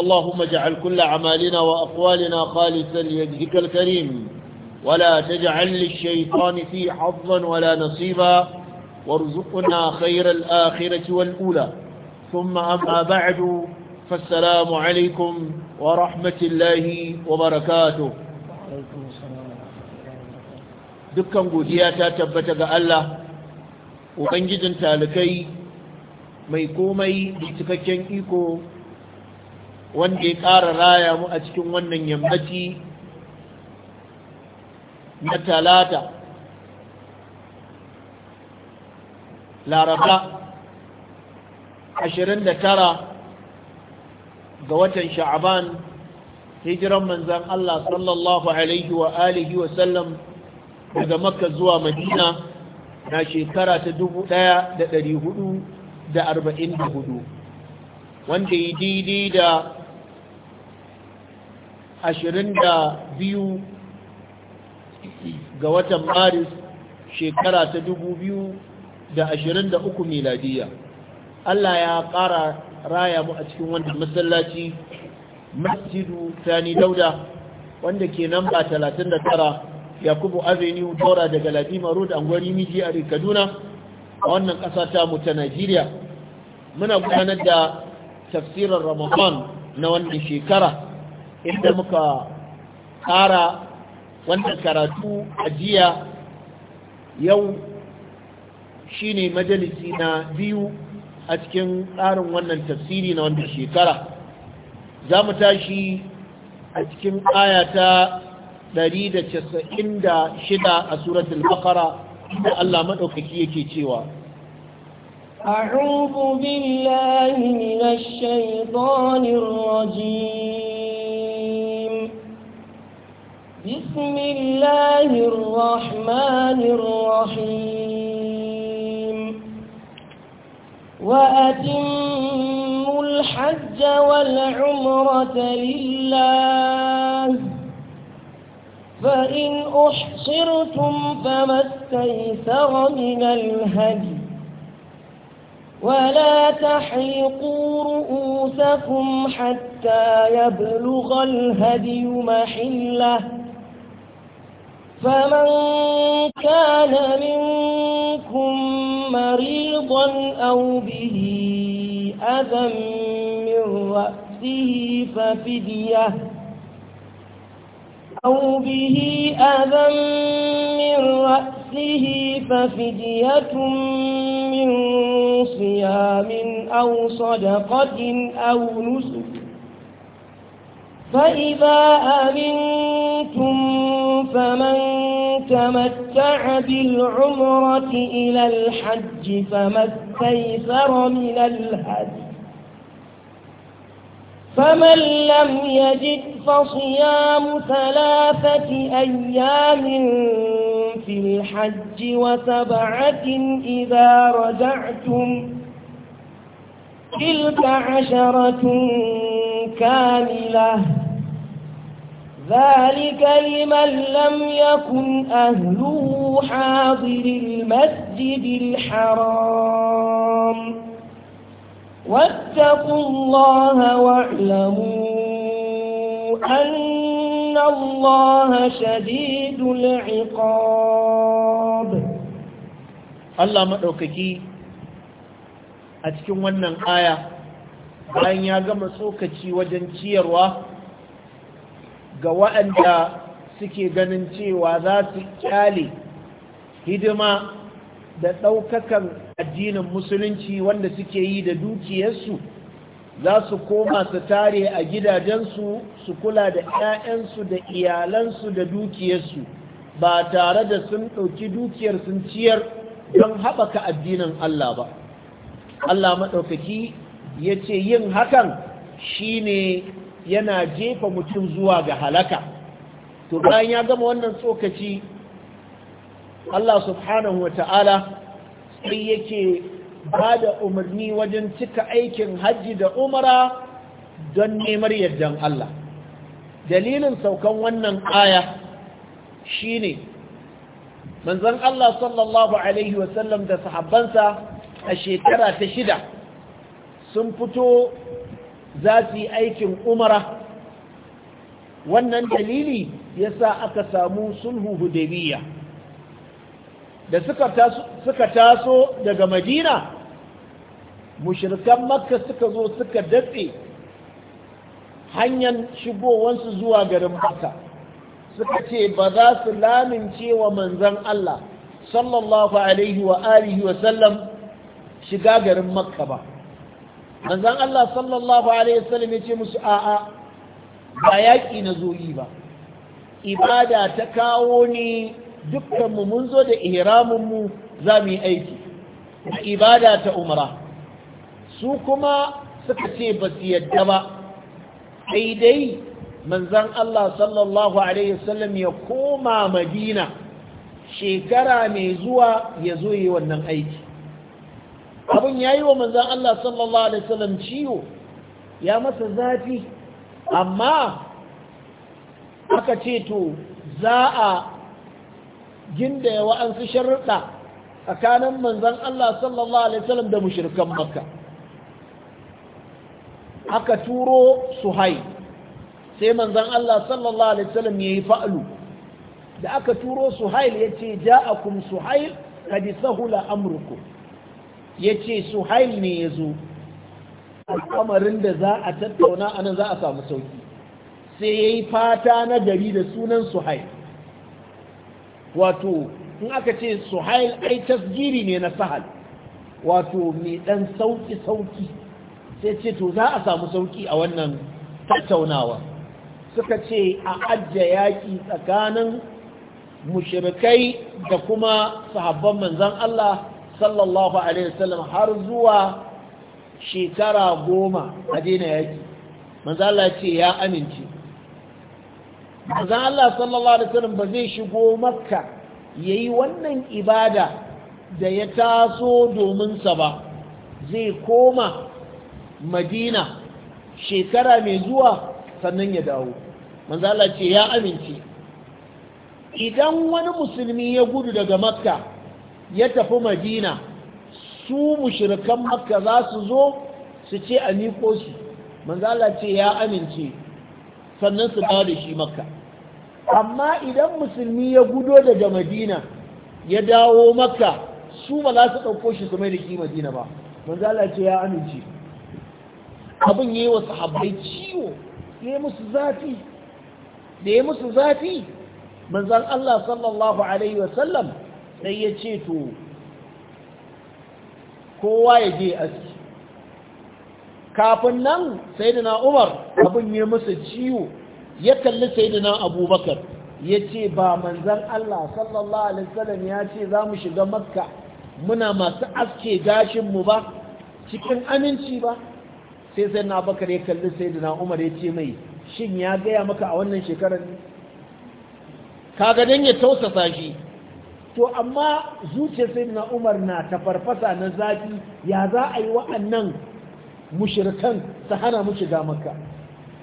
اللهم اجعل كل أعمالنا وأقوالنا خالصا ليجهك الكريم ولا تجعل للشيطان في حظا ولا نصيبا وارزقنا خير الآخرة والأولى ثم أما بعد فالسلام عليكم ورحمة الله وبركاته dukkan godiya ta tabbata ga Allah ubangijin talikai mai komai da cikakken iko wanda ya ƙara raya mu a cikin wannan yammaci na talata laraba 29 ga watan sha'aban hijiran manzan Allah sallallahu alaihi wa alihi wa sallam daga makka zuwa madina na shekara ta 1444 wanda yi daidai da biyu ga watan maris shekara ta da uku miladiya Allah ya ƙara raya mu a cikin wanda masallaci masjidu sani dauda wanda ke namba tara yakubu avenue Tora, daga ladima road angwari miji a kaduna a wannan ƙasa ta najeriya muna gudanar da tafsirar ramadan na wannan shekara inda muka ƙara wannan karatu a jiya yau shine majalisi na biyu a cikin tsarin wannan tafsiri na wanda shekara za mu tashi a cikin aya ta 196 a suratul baqara da Allah maɗaukaki yake cewa أعوذ بالله من الشيطان الرجيم بسم الله الرحمن الرحيم وأتموا الحج والعمرة لله فإن أحصرتم فما استيسر من الهدي ولا تحلقوا رؤوسكم حتى يبلغ الهدي محله فمن كان منكم مريضا أو به أذى من رأسه ففدية أو به أذى من رأسه ففدية من صيام أو صدقة أو نسك فإذا أمنتم فمن تمتع بالعمرة إلى الحج فما استيسر من الهدي فمن لم يجد فصيام ثلاثة أيام في الحج وسبعة إذا رجعتم تلك عشرة كاملة ذلك لمن لم يكن أهله حاضر المسجد الحرام واتقوا الله واعلموا أن الله شديد العقاب الله مدعوكي أتكون ونن آية bayan ya gama tsokaci wajen ciyarwa ga waɗanda suke ganin cewa za su kyale hidima da ɗaukakan addinin musulunci wanda suke yi da dukiyarsu za su koma su tare a gidajensu su kula da 'ya'yansu da iyalansu da dukiyarsu ba tare da sun ɗauki dukiyar sun ciyar don haɓaka addinin Allah ba Allah maɗaukaki ya ce yin hakan shi ne. yana jefa mutum zuwa ga halaka to bayan ya gama wannan tsokaci Allah subhanahu wa ta'ala sai yake ba da umarni wajen cika aikin hajji da umara don nemar yardan Allah dalilin saukan wannan aya shine manzon Allah sallallahu alaihi wasallam da sahabbansa a shekara ta shida sun fito za su yi aikin umara wannan dalili ya sa aka samu sulhu hudaybiya da suka taso daga madina mushirkan makka suka zo suka datse hanyar shigowansu zuwa garin makka suka ce ba za su lamince wa manzan Allah sallallahu alaihi wa alihi wa sallam shiga garin makka ba manzan Allah sallallahu alaihi wasallam ya ce musu a'a ba yaƙi na zo'i ba ibada ta kawo ni dukkanmu mun zo da ihraminmu za mu yi aiki ibada ta umara su kuma suka ce ba su yadda ba daidai manzan Allah sallallahu Alaihi wasallam ya koma madina shekara mai zuwa ya zo yi wannan aiki abin ya yi wa manzan Allah sallallahu Alaihi wasallam ciwo ya masa zafi amma aka ce to za a gindaya wa'ansu sharuɗa tsakanin manzan Allah sallallahu Alaihi wasallam da mushirkan maka. aka turo suhai sai manzan Allah sallallahu Alaihi wasallam ya yi fa'alu da aka turo suhail ya ce ja'akum suhail kadi sahula amurkum ya ce suhail ne ya zo al'amarin da za a tattauna a nan za a samu sauki sai ya yi fata na gari da sunan suhail wato in aka ce suhail ai tasgiri ne na sahal wato mai ɗan sauki-sauki sai ce to za a samu sauki a wannan tattaunawa suka ce a ajiye yaƙi tsakanin mushirikai da kuma sahabban manzan Allah sallallahu alaihi wasallam har zuwa shekara goma a dina yaki manzo Allah ce ya amince manzo Allah sallallahu alaihi wasallam ba zai shigo makka yayi wannan ibada da ya taso domin sa ba zai koma madina shekara mai zuwa sannan ya dawo manzo Allah ce ya amince idan wani musulmi ya gudu daga makka ya tafi madina su mushirikan makka za su zo su ce a miƙo su manzala ce ya amince sannan su dawo da shi makka amma idan musulmi ya gudo daga madina ya dawo makka su ba za su ɗauko shi su mai da shi madina ba manzala ce ya amince abin yi wa sahabbai ciwo ya yi musu zafi da ya musu zafi manzan Allah sallallahu Alaihi wasallam sai ya ce to kowa ya je aski kafin nan sai da umar abin ya musu ciwo ya kalli sai da abubakar ya ce ba manzan Allah sallallahu alaihi wasallam ya ce za mu shiga makka muna masu aske gashinmu ba cikin aminci ba sai sai na bakar ya kalli sai da umar ya ce mai shin ya gaya maka a wannan shekarar ne kaga dan ya tausasa shi to amma zuciyar na umar na tafarfasa na zafi ya za a yi wa'annan mushirikan ta hana mu shiga makka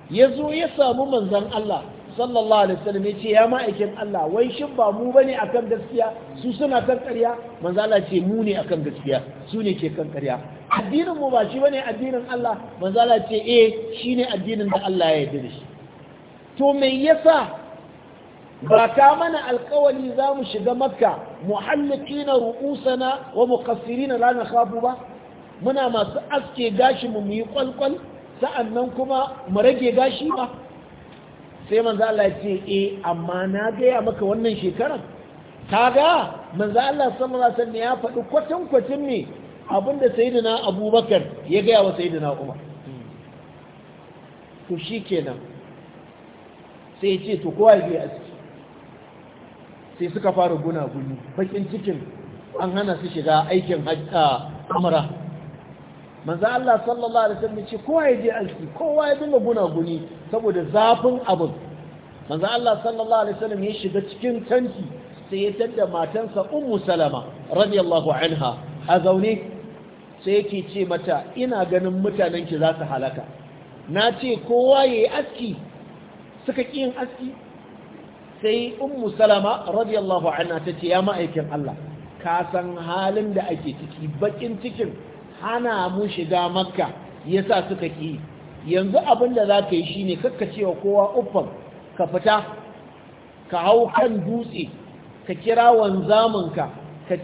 ya zo ya samu manzon Allah sallallahu alaihi wasallam ya ce ya ma'aikin Allah wai shin ba mu bane akan gaskiya su suna kan ƙarya Allah ce mu ne akan gaskiya su ne ke kan ƙarya addinin mu ba shi bane addinin Allah manzo Allah ce eh shine addinin da Allah ya yarda da shi to me yasa ba ka mana alkawali za mu shiga makka muhallikina ru'usana wa muqassirina la nakhafu ba muna masu aske gashi mu yi kwalkwal sa'annan kuma mu rage gashi ba sai manzo Allah ya ce eh amma na gaya maka wannan shekarar kaga manzo Allah sallallahu alaihi wasallam ya faɗi kwatankwatin ne abinda sayyidina Abubakar ya gaya wa Umar to shikenan sai ya ce to kowa ya aski sai suka fara gunaguni bakin cikin an hana su shiga aikin amara manzo Allah sallallahu alaihi wasallam ce kowa ya je aski kowa ya dinga gunaguni saboda zafin abin manzo Allah sallallahu alaihi wasallam ya shiga cikin tanki sai ya tada matansa ummu salama radiyallahu anha a zaune sai yake ce mata ina ganin mutanen za su halaka na ce kowa ya yi aski suka ƙi yin aski sai ummu salama radiyallahu anha ta ya ma'aikin Allah ka san halin da ake ciki bakin cikin hana mu shiga makka yasa suka ki yanzu abin da za ka yi shine kakka cewa kowa uffan ka fita ka hau kan dutse ka kira wanzamin ka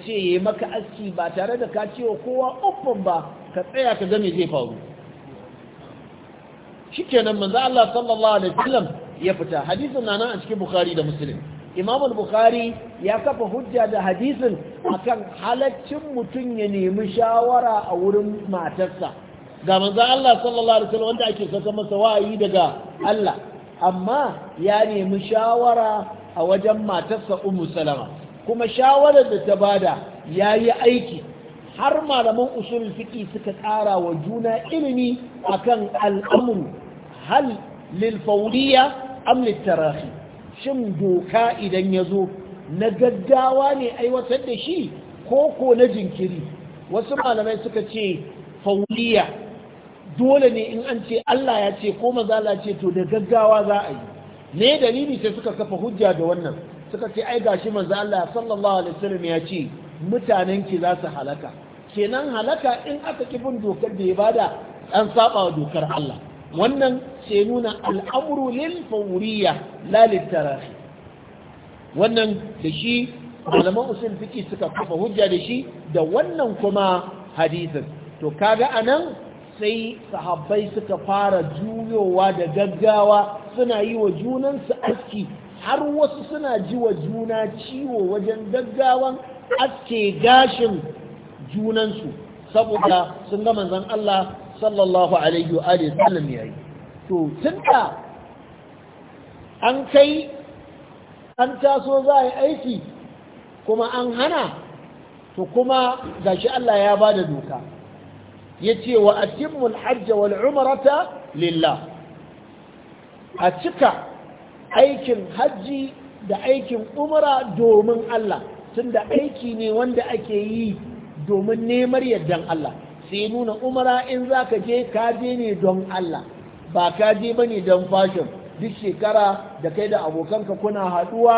ce ya maka aski ba tare da ka cewa kowa uffan ba ka tsaya ka ga me zai faru shikenan manzo Allah sallallahu alaihi wasallam ya fita hadisin na nan a cikin bukari da musulun. imam al-bukhari ya kafa hujja da hadisin akan halaccin mutum ya nemi shawara a wurin matarsa ga manzo Allah sallallahu alaihi wasallam wanda ake saka masa wa'ayi daga Allah amma ya nemi shawara a wajen matarsa ummu salama kuma shawarar da ta bada yayi aiki har malaman usul fiqi suka ƙara wa juna ilimi akan al'amru hal lil amlit tarahi shin doka idan ya zo na gaggawa ne aiwatar da shi ko ko na jinkiri wasu malamai suka ce fauliya dole ne in an ce Allah ya ce ko mazala ce to da gaggawa za a yi ne dalili sai suka kafa hujja da wannan suka ce ai gashi manzo Allah sallallahu alaihi wasallam ya ce mutanen ki za su halaka kenan halaka in aka kifin dokar da ya bada an saba wa dokar Allah wannan sai nuna al'amuru lil fawriya wannan da shi malaman usul fiqi suka kafa hujja da shi da wannan kuma hadisin to kaga anan sai sahabbai suka fara juyowa da gaggawa suna yi wa junansu aski har wasu suna ji wa juna ciwo wajen gaggawan aske gashin junansu saboda sun ga manzon Allah sallallahu alaihi wa alihi sallam yayi to tunda an kai an taso za a yi aiki kuma an hana to kuma gashi Allah ya bada doka yace wa atimmul hajj wal umrata lillah a cika aikin hajji da aikin umra domin Allah tunda aiki ne wanda ake yi domin nemar yardan Allah sai nuna umara in za ka je ka je ne don Allah ba ka je ba ne don fashin duk shekara da kai da abokanka kuna haɗuwa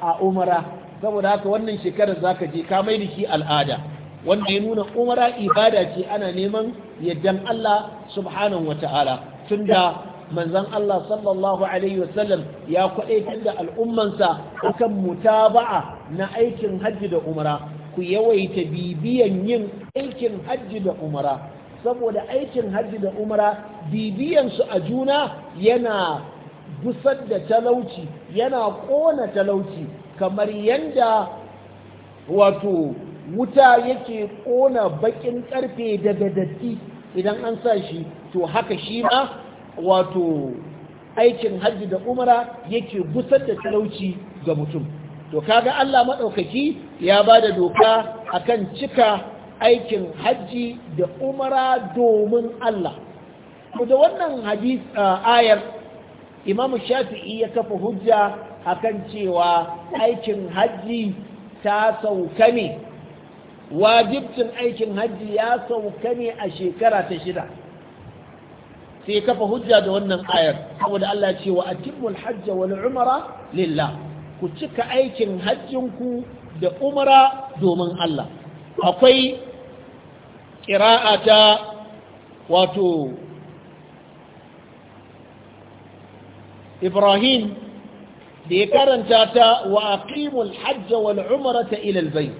a umara saboda haka wannan shekarar za ka je ka mai da shi al'ada wanda ya nuna umara ibada ce ana neman yaddan Allah subhanahu wa ta'ala tunda manzon Allah sallallahu alaihi wasallam ya kwadaitar da al'ummansa akan mutaba'a na aikin hajji da umara ku yawaita bibiyan yin aikin hajji da umara saboda aikin hajji da umara bibiyan su a juna yana gusar da talauci yana kona talauci kamar yadda wato wuta yake kona bakin ƙarfe daga datti idan an sa shi to haka shi ma wato aikin hajji da umara yake gusar da talauci ga mutum to kaga Allah maɗaukaki ya ba da doka akan cika aikin hajji da umara domin Allah to da wannan hadis ayar Imam shafi'i ya kafa hujja akan cewa aikin hajji ta sauka ne wajibcin aikin hajji ya sauka ne a shekara ta shida sai kafa hujja da wannan ayar saboda Allah ce wa atimul hajja wal umara lillah ku cika aikin hajjinku da umara domin Allah akwai ƙira'ata wato Ibrahim da ya karanta ta wa aqimul hajja wal umrata ila al bayt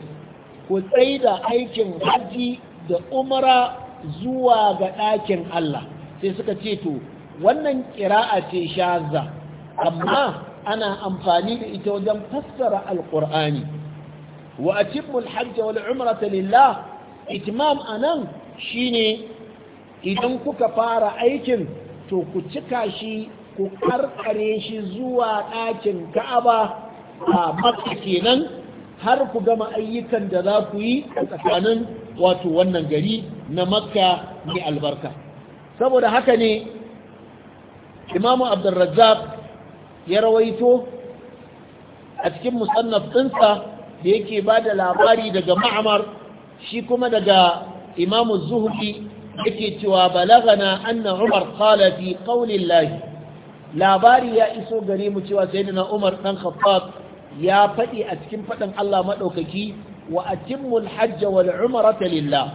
ku tsaida aikin haji da umra zuwa ga ɗakin Allah sai suka ce to wannan ƙira'a ce shazza amma ana amfani da ita wajen fassara alqur'ani wa atimmu alhajj wal umrata lillah nan? Shi shine idan kuka fara aikin to ku cika shi ku karkare shi zuwa ɗakin ka'aba a maka kenan har ku gama ayyukan da za ku yi a tsakanin wato wannan gari na makka mai albarka saboda haka ne imamu abdulrazzaq ya rawaito a cikin musannaf ɗinsa da yake ba da labari daga ma'amar shi kuma daga imamu zuhuri yake cewa balagana anna umar qala fi qaulillahi labari ya iso gare mu cewa sayyidina umar ɗan khattab ya faɗi a cikin faɗin Allah maɗaukaki. wa a al-hajj wal umrata lillah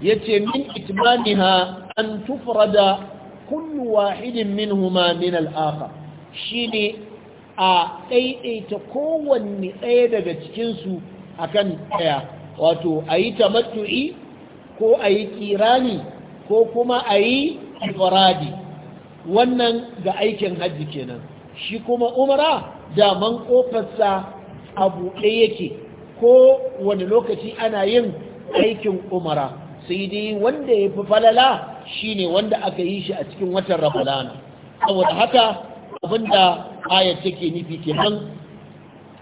yace min itmaniha an tufrada kullu wahidin minhuma min al-akhar shine a ɗaiɗaita kowanne ɗaya daga cikinsu akan ɗaya wato ayi tamattu'i ko ayi kirani ko kuma ayi ifradi wannan ga aikin hajji kenan shi kuma umara daman kofarsa abu ɗaya yake ko wani lokaci ana yin aikin umara sai dai wanda ya fi falala shine wanda aka yi shi a cikin watan ramadana saboda haka abinda aya take nufi kenan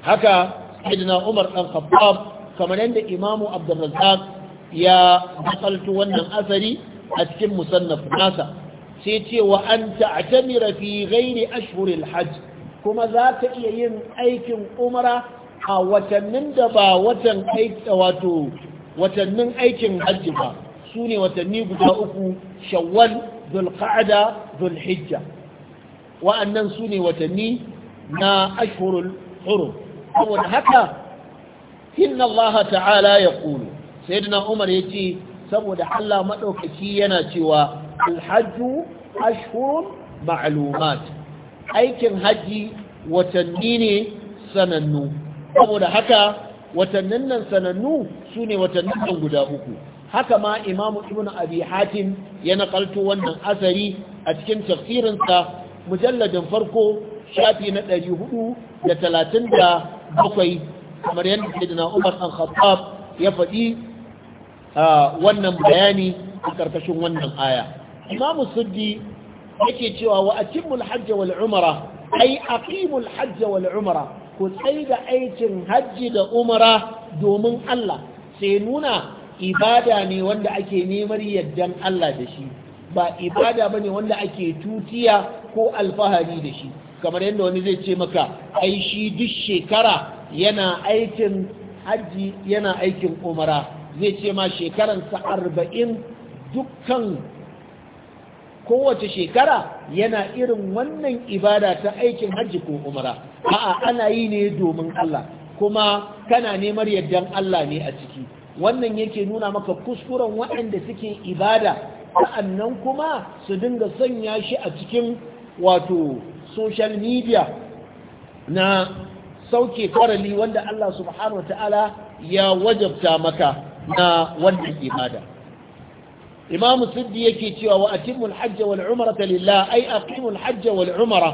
haka sayyidina umar dan khattab kamar yadda imamu abdurrazzaq ya nakalto wannan asari a cikin musannaf nasa sai ce wa an ta'tamira fi ghairi ashhuril hajj kuma za ta iya yin aikin umara a watannin da ba watan wato watannin aikin hajji ba su ne watanni guda uku shawwal zulqa'ada zulhijja wa'annan su ne watanni na ashhurul hurum saboda haka inna allaha ta'ala ya kulu sayyidina umar ya ce saboda allah maɗaukaci yana cewa alhajju ashhurun ma'lumat aikin haji watanni ne sanannu saboda haka watannin nan sanannu su ne watannin guda uku haka ma imamu ibn abi hatim ya nakalto wannan asari a cikin tafsirinsa mujalladin farko shafi na 437 kamar yadda sayyidina umar an khattab ya faɗi wannan bayani a ƙarƙashin wannan aya imamu suddi yake cewa wa atimul hajj wal umra ay aqimul hajj wal umara ku tsaida aikin hajji da umara domin Allah sai nuna ibada ne wanda ake neman yardan Allah da shi ba ibada bane wanda ake tutiya ko alfahari da shi kamar yadda wani zai ce maka ai shi duk shekara yana aikin hajji yana aikin umara zai ce ma shekaransa arba'in dukkan kowace shekara yana irin wannan ibada ta aikin hajji ko umara a'a ana yi ne domin Allah kuma kana neman yardan Allah ne a ciki wannan yake nuna maka kuskuren waɗanda suke ibada sa'annan kuma su dinga sanya shi a cikin wato social media na sauke farali wanda Allah subhanahu wa ta'ala ya wajabta maka na wannan ibada imam siddi yake cewa wa atimul hajja wal umrata lillah ay aqimul hajja wal umra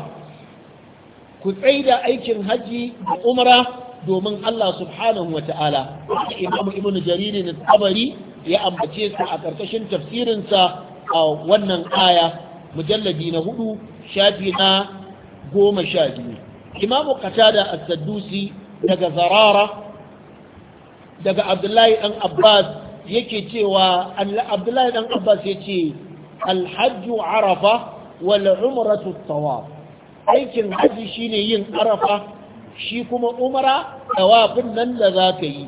ku tsaida aikin haji da umra domin Allah subhanahu wa ta'ala imamu ibn jariri na tabari ya ambace su a ƙarƙashin tafsirinsa a wannan aya mujalladi na hudu shafi na goma sha biyu imamu qatada as-saddusi daga zarara daga abdullahi ɗan abbas yake cewa abdullahi ɗan abbas ya ce alhajju arafa wal umratu tawaf aikin haji shine yin arafa shi kuma umara tawafin nan da za ka yi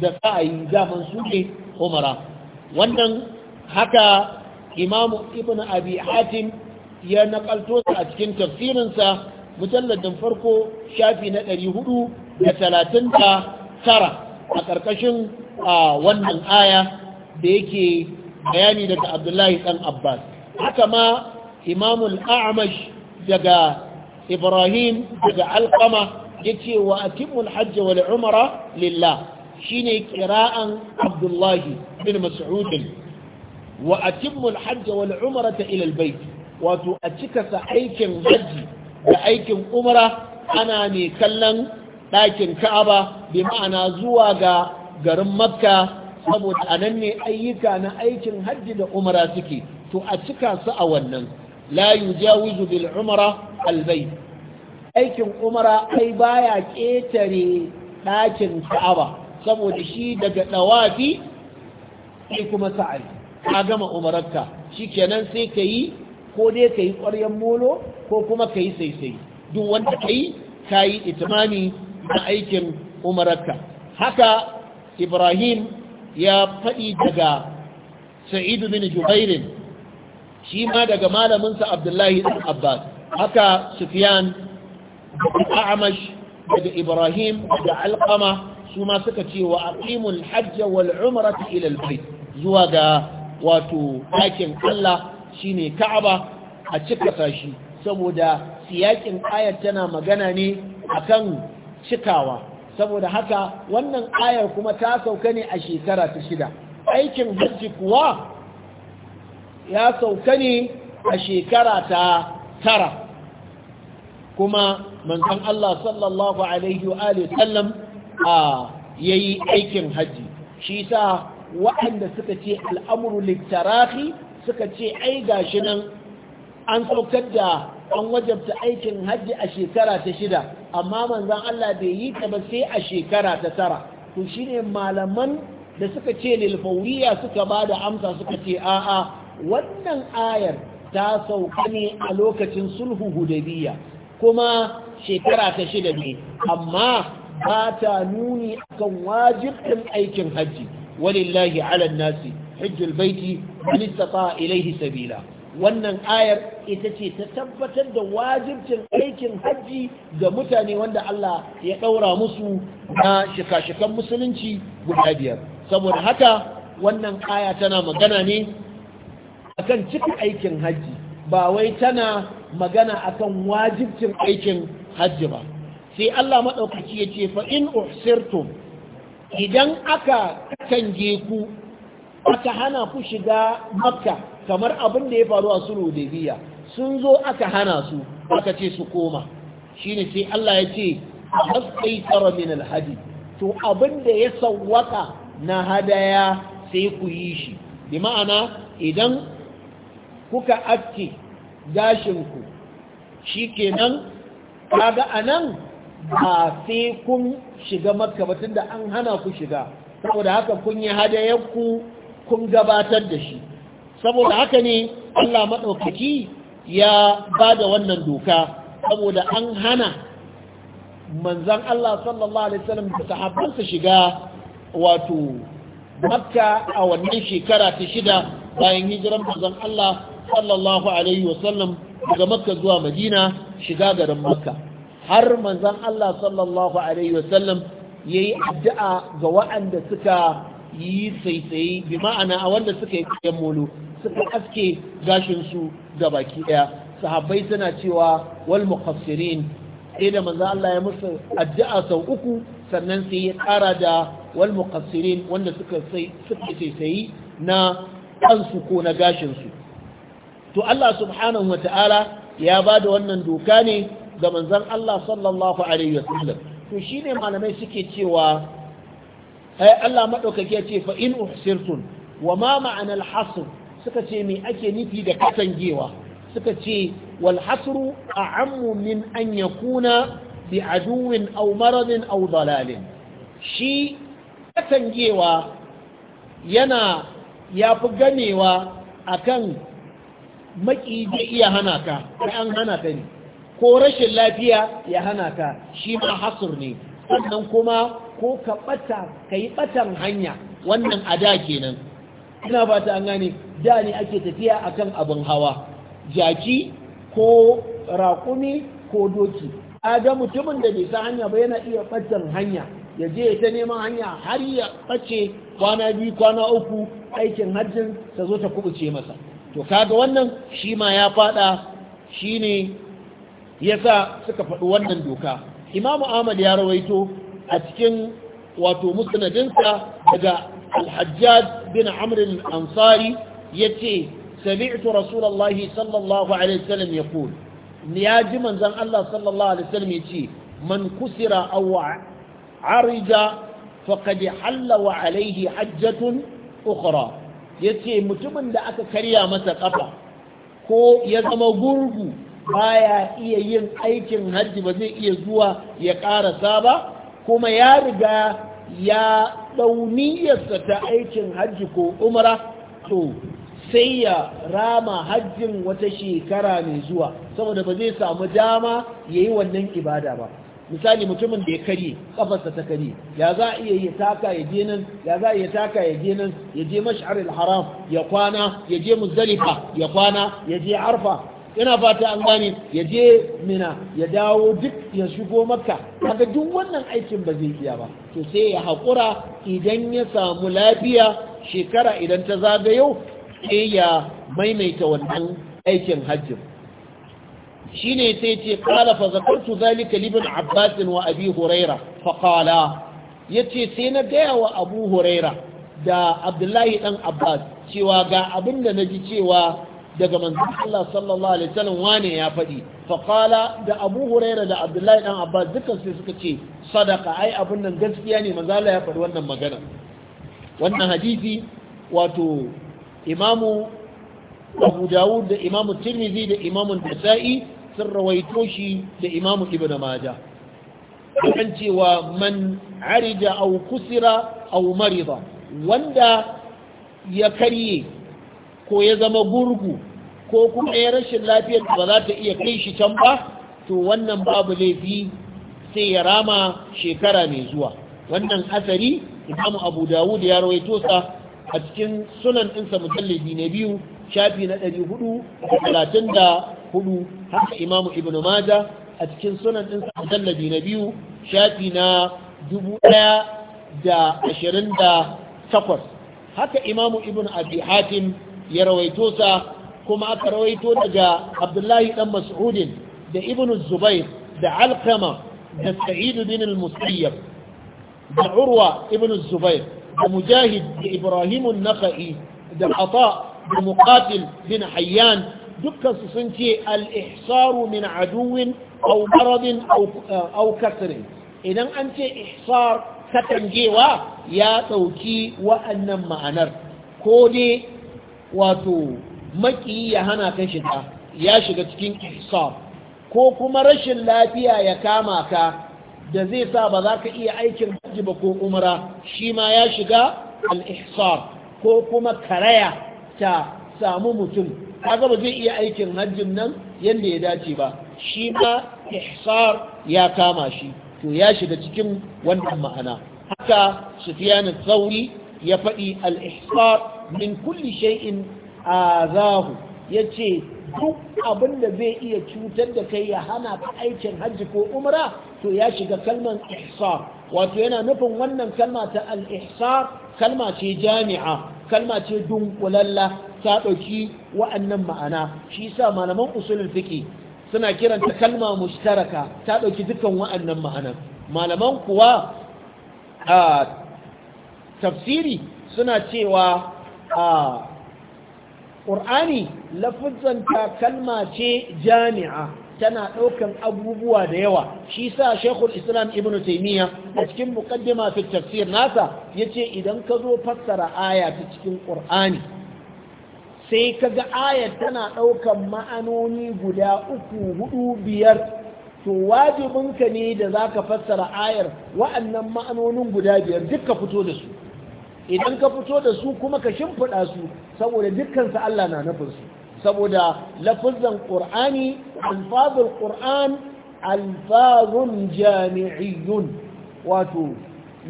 da sa'ayi daman su ne umara wannan haka imamu ibn abi hatim ya nakalto a cikin tafsirinsa mujalladin farko shafi na ɗari hudu da talatin da tara a ƙarƙashin wannan aya da yake bayani daga abdullahi ɗan abbas haka ma imamul a'amash daga ibrahim daga alƙama yace wa atimul hajj wal umra lillah shine kira'an abdullahi bin mas'ud wa atimul hajj wal umrata ila al bayt wato a cika sa aikin hajji da aikin umra ana ne kallon ɗakin ka'aba bi ma'ana zuwa ga garin makka saboda anan ne ayyuka na aikin hajji da umra suke to a cika su a wannan la yujawizu bil umra al bayt aikin umara ai baya ƙetare ɗakin ka'aba saboda shi daga ɗawafi sai kuma sa'ari ka gama umararka shikenan sai ka yi ko dai ka yi ƙwaryen molo ko kuma ka yi saisai duk wanda ka yi ka yi itimami na aikin umararka haka ibrahim ya faɗi daga sa'idu bin jubairin shi ma daga malaminsa abdullahi ɗan abbas haka sufyan a'amash daga ibrahim da alqama su ma suka ce wa aqimul hajja wal umrata ila al bayt zuwa ga wato ɗakin Allah shine Ka'aba a cika sashi saboda siyakin ayar tana magana ne akan cikawa saboda haka wannan ayar kuma ta sauka ne a shekara ta shida aikin hajji kuwa ya sauka ne a shekara ta tara kuma manzon Allah sallallahu alaihi wa alihi sallam a yayi aikin haji shi yasa waɗanda suka ce al'amuru littarafi suka ce ai gashi nan an saukar da an wajabta aikin hajji a shekara ta shida amma manzon Allah bai yi ta ba sai a shekara ta tara to shine malaman da suka ce lilfauriya suka ba da amsa suka ce a'a wannan ayar ta sauka ne a lokacin sulhu hudabiya kuma shekara ta shida ne amma ba ta nuni akan wajibin aikin hajji walillahi ala nasi hajjul baiti man ilaihi sabila wannan ayar ita ce ta tabbatar da wajibcin aikin hajji ga mutane wanda Allah ya ɗaura musu na shika-shikan musulunci guda biyar saboda haka wannan aya tana magana ne akan ciki aikin hajji ba wai tana magana akan wajibcin aikin hajji ba sai Allah maɗaukaci ya ce fa'in uhsirtum idan aka canje ku aka hana ku shiga makka kamar abin da ya faru a sulu da sun zo aka hana su aka ce su koma Shi ne sai Allah ya ce haskai tsara min alhaji to abin da ya sauwaka na hadaya sai ku yi shi bi ma'ana idan kuka aske gashinku shi kenan kaga anan ba sai kun shiga makka ba tunda an hana ku shiga saboda haka kun yi ku kun gabatar da shi saboda haka ne Allah maɗaukaki ya ba da wannan doka saboda an hana manzan Allah sallallahu Alaihi wasallam da sahabbansa shiga wato makka a wannan shekara ta shida bayan hijiran manzan Allah sallallahu Alaihi wasallam daga makka zuwa madina shiga garin makka har manzan Allah sallallahu alaihi wasallam ya yi addu'a ga waɗanda suka yi saitsaye bi ma'ana a wanda suka yi kayan molo suka aske gashinsu ga baki ɗaya sahabbai suna cewa wal muqassirin sai da manzan Allah ya musu addu'a sau uku sannan sai ya ƙara da wal muqassirin wanda suka saitsaye na kansu ko na gashinsu to Allah subhanahu wa ta'ala ya ba da wannan doka ne ga manzan Allah sallallahu alaihi wasallam to shine malamai suke cewa ai Allah maɗaukaki ya ce fa in uhsirtun wa ma ma'ana hasr suka ce me ake nufi da katangewa suka ce wal hasru a'ammu min an yakuna bi aduwin aw maradin aw dalalin shi katangewa yana yafi ganewa akan maki zai iya hana ka sai an hana ka ne ko rashin lafiya ya hana ka shi ma hasur ne sannan kuma ko ka bata ka yi batan hanya wannan a da kenan ina ba ta an gane da ne ake tafiya akan abin hawa jaki ko raƙumi ko doki ga mutumin da bai sa hanya ba yana iya batan hanya ya je ya ta neman hanya har ya ɓace kwana biyu kwana uku aikin hajjin ta zo ta kubuce masa to kaga wannan shi ma ya fada shi ne ya sa suka faɗi wannan doka imamu ahmad ya rawaito a cikin wato musnadinsa daga alhajjad bin amrin ansari ya ce sami'tu rasulallahi sallallahu alaihi wasallam ya kul ya ji manzan Allah sallallahu alaihi wasallam ya ce man kusira aw arija faqad halla wa alaihi hajjatun ukhra ya ce mutumin da aka karya masa ƙafa ko ya zama gurgu baya iya yin aikin hajji ba zai iya zuwa ya karasa ba kuma ya riga ya ɗauniyarsa ta aikin hajji ko umara to sai ya rama hajjin wata shekara mai zuwa saboda ba zai samu dama ya yi wannan ibada ba misali mutumin da ya karye kafarsa ta karye ya za a iya yi taka ya je nan ya za a iya taka ya je nan ya je mash'aril haram ya kwana ya je muzdalifa ya kwana ya je arfa ina fata an gane ya je mina ya dawo duk ya shigo makka kaga duk wannan aikin ba zai iya ba to sai ya haƙura idan ya samu lafiya shekara idan ta zagayo sai ya maimaita wannan aikin hajjin Shi ne sai ce qala fa zakartu zalika li ibn abbas wa abi huraira Faƙala ya ce, sai na gaya wa abu huraira da abdullahi ɗan abbas cewa ga abin da na ji cewa daga manzon sallallahu alaihi wasallam wane ya faɗi Faƙala da abu huraira da abdullahi ɗan abbas dukkan sai suka ce sadaka ai abin nan gaskiya ne manzo Allah ya faɗi wannan magana wannan hadisi wato imamu abu dawud da Imam tirmidhi da Imam nasa'i sun rawaito shi da imamu ibn maja kan cewa man harija au kusira au marida wanda ya karye ko ya zama gurgu ko kuma ya rashin lafiyar ba za ta iya kai shi can ba to wannan babu laifi sai ya rama shekara mai zuwa wannan asari imamu abu dawud ya rawaito sa a cikin sunan ɗinsa mujallabi na biyu shafi na ɗari hudu da talatin da hudu haka imamu ibn maja a cikin sunan a sallabi na biyu shafi na dubu ɗaya da ashirin da takwas haka imamu ibn abi hatim ya rawaito sa kuma aka rawaito daga abdullahi dan mas'udin da ibn zubair da alkama da sa'id bin al-musayyab da urwa ibn zubair da mujahid da ibrahim an da ata da muqatil bin hayyan Dukkansu sun ce al-ihsaru min aduwin aw maradin eh, idan an ce ihsar katangewa ya ɗauki wa'annan ma'anar ko dai wato maki ya hana ka shiga ya shiga cikin ihsar ko kuma rashin lafiya ya kama ka da zai sa ba za ka iya aikin hajji ba ko umara shi ma ya shiga al ko kuma karaya ta samu mutum kaga ba zai iya aikin hajjin nan yadda ya dace ba shi ma ihsar ya kama shi to ya shiga cikin wannan ma'ana haka sufyan Sa'uri ya faɗi al-ihsar min kulli shay'in azahu yace duk abin da zai iya cutar da kai ya hana ka aikin hajji ko umra to ya shiga kalman ihsar wato yana nufin wannan kalma ta al-ihsar kalma ce jami'a kalma ce dunkulalla ta ɗauki wa'annan ma'ana shi sa malaman usulul fiki suna kiranta kalma mustaraka ta ɗauki dukan wa'annan ma'ana malaman kuwa a tafsiri suna cewa a ƙur'ani lafizanta kalma ce jami'a tana ɗaukan abubuwa da yawa shi sa shekul islam ibn taimiyya a cikin muƙaddima fi tafsir nasa ya ce idan ka zo fassara aya ta cikin ƙur'ani sai kaga ayar tana ɗaukan ma'anoni guda uku hudu biyar to wajibinka ne da za ka fassara ayar wa'annan ma'anonin guda biyar duk ka fito da su idan ka fito da su kuma ka shimfiɗa su saboda dukkansu Allah na nufinsu saboda lafizan ƙur'ani alfazul ƙur'an alfazun jami'iyun wato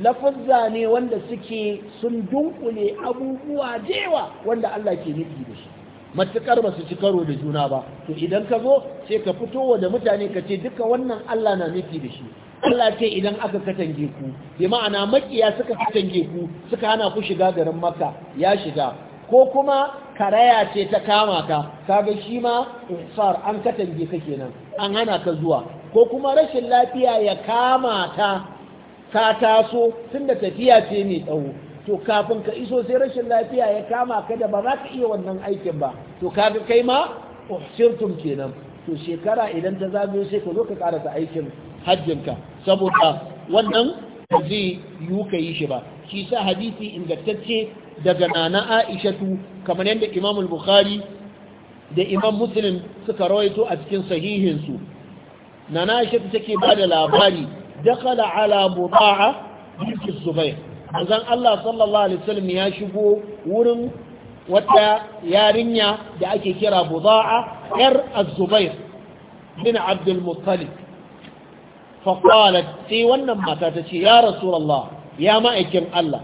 lafazza ne wanda suke sun dunkule abubuwa jewa wanda Allah ke nufi da shi matukar ba su ci karo da juna ba to idan ka zo sai ka fito wa da mutane ka ce duka wannan Allah na nufi da shi Allah ce idan aka katange ku bi ma'ana makiya suka katange ku suka hana ku shiga garin Makka ya shiga ko kuma karaya ce ta kama ka kaga shi ma insar an katange ka kenan an hana ka zuwa ko kuma rashin lafiya ya kama ta ka taso tun da tafiya ce mai tsawo to kafin ka iso sai rashin lafiya ya kama ka da ba za ka iya wannan aikin ba to kaga kai ma uhsirtum kenan to shekara idan ta zagayo sai ka zo ka karasa aikin hajjinka saboda wannan ba zai yiwu ka yi shi ba shi sa hadisi ingantacce daga nana aishatu kamar yadda imam bukhari da imam muslim suka rawaito a cikin sahihinsu nana aishatu take ba da labari dakhala ala buda'a binti zubair manzon Allah sallallahu alaihi wasallam ya shigo wurin wata yarinya da ake kira buda'a yar az-zubair bin abd al-muttalib fa qalat sai wannan mata tace ya rasulullah ya ma'aikin Allah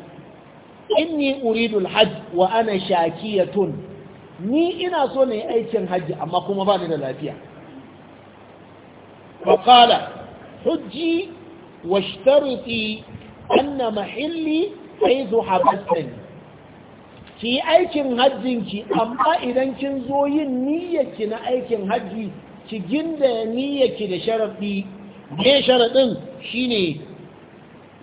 inni uridu al-hajj wa ana shakiyatun ni ina so ne aikin hajji amma kuma ba ni da lafiya fa qala hujji واشترطي أن محلي حيث حبستني ki aikin hajjinki amma idan kin zo yin niyyarki na aikin hajji ki ginda niyyarki da sharaɗi ne sharaɗin shine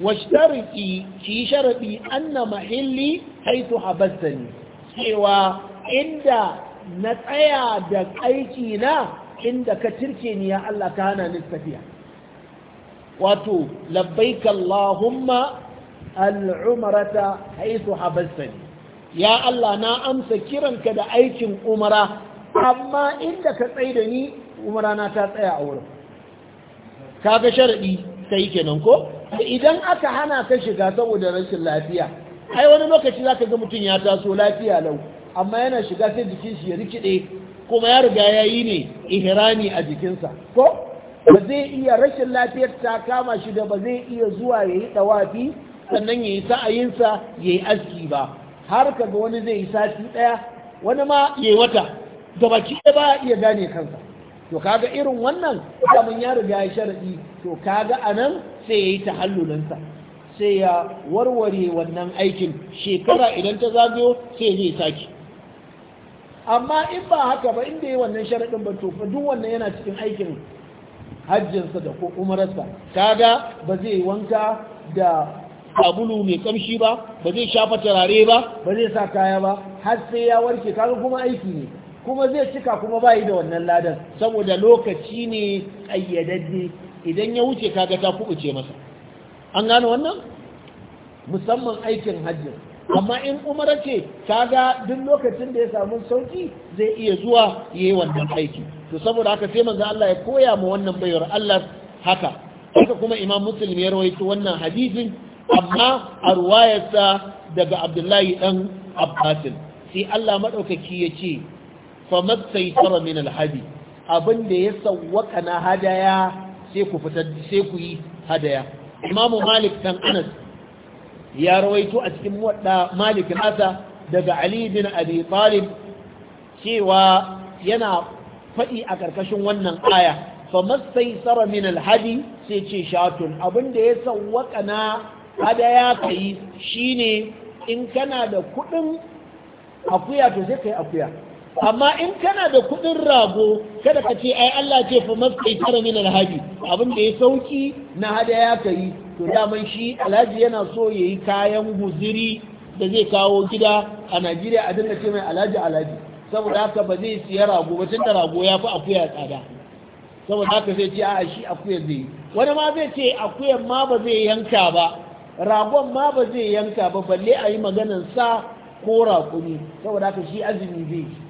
washtariki ki sharaɗi anna mahalli haitu habastani cewa inda na tsaya da aikina, inda ka tirke ni ya Allah ka hana ni tafiya wato labbaika Allahumma al'umarata haisu habastani ya Allah na amsa kiranka da aikin umara amma inda ka tsaye da ni umara na ta tsaya a wurin kaga sharadi yi kenan ko idan aka hana ka shiga saboda rashin lafiya ai wani lokaci zaka ga mutum ya taso lafiya lau amma yana shiga sai jikin shi ya rikide kuma ya riga yayi ne ihrami a jikinsa ko ba zai iya rashin lafiyar ta kama shi da ba zai iya zuwa ya yi ɗawafi sannan ya yi sa'ayinsa ya yi aski ba har kaga wani zai yi sati ɗaya wani ma ya yi wata da baki ɗaya ba iya gane kansa to kaga irin wannan kamun ya riga ya sharaɗi to kaga a nan sai ya yi tahallulinsa sai ya warware wannan aikin shekara idan ta zagayo sai zai sake amma in ba haka ba inda yi wannan sharaɗin ba to duk wannan yana cikin aikin hajjinsa da ko umararsa kaga ba zai wanka da abulu mai kamshi ba ba zai shafa turare ba ba zai sa kaya ba har sai ya warke kaga kuma aiki ne kuma zai cika kuma bayi da wannan ladan saboda lokaci ne kayyadadde idan ya wuce kaga ta kubuce masa an gane wannan musamman aikin hajjin amma in Umar ce ta ga duk lokacin da ya samu sauki zai iya zuwa yi wannan aiki to saboda haka sai manzo Allah ya koya mu wannan bayar Allah haka haka kuma imam muslim ya rawaito wannan hadisin amma a ruwayarsa daga abdullahi dan abbasin sai Allah madaukaki ya ce famastaitara min alhadi abin da ya sawwaka na hadaya sai ku fitar sai ku yi hadaya imam malik dan anas ya rawaito a cikin muwadda malik asa daga ali bin abi talib cewa yana faɗi a ƙarƙashin wannan aya fa mastaisara min alhadi sai ce shatun abin da ya sawwaka na hadaya kai shine in kana da kuɗin akuya to sai kai akuya amma in kana da kudin rago kada ka ce ai Allah ce fa maskai tara min alhaji abin da ya sauki na hadaya ka yi to daman shi alhaji yana so ya yi kayan guziri da zai kawo gida a Najeriya a dinga ce mai alhaji alhaji saboda haka ba zai siya rago ba tunda rago ya fi akuya tsada saboda haka zai ce a'a shi akuya zai yi wani ma zai ce akuyan ma ba zai yanka ba ragon ma ba zai yanka ba balle a yi maganan sa ko rakuni saboda haka shi azumi zai yi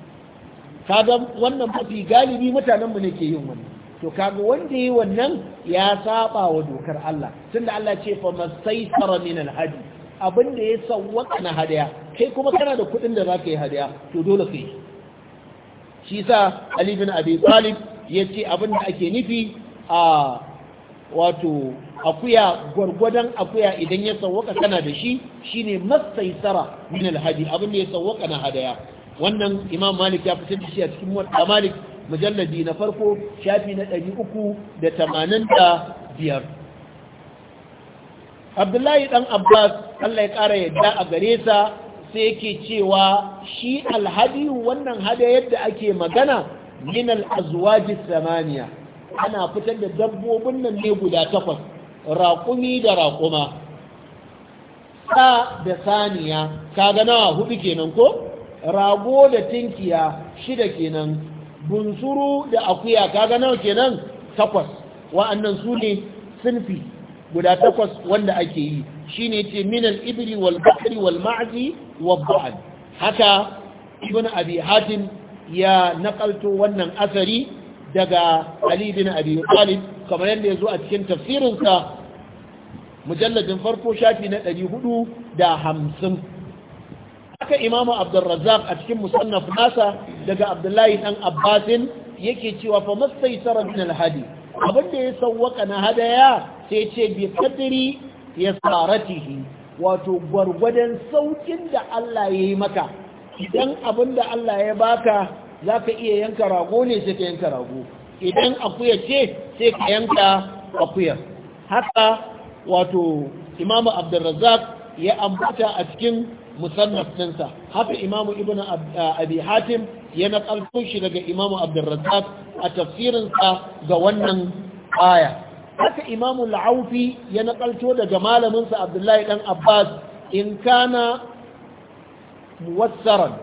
kaga wannan mafi galibi mutanenmu ne ke yin wannan to kaga wanda yi wannan ya saba wa dokar Allah tunda Allah ce fa mastaysara min alhadi abin ya sawwaka na hadaya kai kuma kana da kuɗin da zaka yi hadaya to dole kai shi sa Ali bin Abi Talib yace abin ake nufi a wato akuya gwargwadon akuya idan ya sawwaka kana da shi shine masaisara min alhadi abinda ya sawwaka na hadaya wannan imam malik ya fitar da shi a cikin muwatta malik mujalladi na farko shafi na ɗari uku da da tamanin biyar. abdullahi ɗan abbas Allah ya ƙara yadda a gare sa sai yake cewa shi alhadi wannan hada yadda ake magana min al samaniya ana fitar da dabbobin nan ne guda takwas raƙumi da raƙuma sa da saniya kaga nawa hudu kenan ko rago da tinkiya shida kenan bunsuru da akuya kaga nawa kenan takwas wa'annan su ne sinfi guda takwas wanda ake yi shine yace min al wal bakri wal ma'zi wal ba'd haka ibnu abi hatim ya nakalto wannan asari daga ali bin abi talib kamar yadda yazo a cikin tafsirinsa mujalladin farko shafi na 450 haka imamu abdurrazzaq a cikin musannaf nasa daga abdullahi dan abbasin yake cewa fa masaitara min alhadi abin da ya sawwaka na hadaya sai ce bi kadri yasaratihi wato gwargwadon saukin da Allah ya yi maka idan abin da Allah ya baka zaka iya yanka rago ne sai ka yanka rago idan akuya ce sai ka yanka akuya haka wato imamu abdurrazzaq ya ambata a cikin musannaf ɗinsa haka imamu ibn uh, abi hatim ya naƙalto shi daga imamu abdurrazzaq a tafsirinsa ga wannan aya haka imamu la'aufi ya naƙalto daga malaminsa abdullahi ɗan abbas in kana muwassaran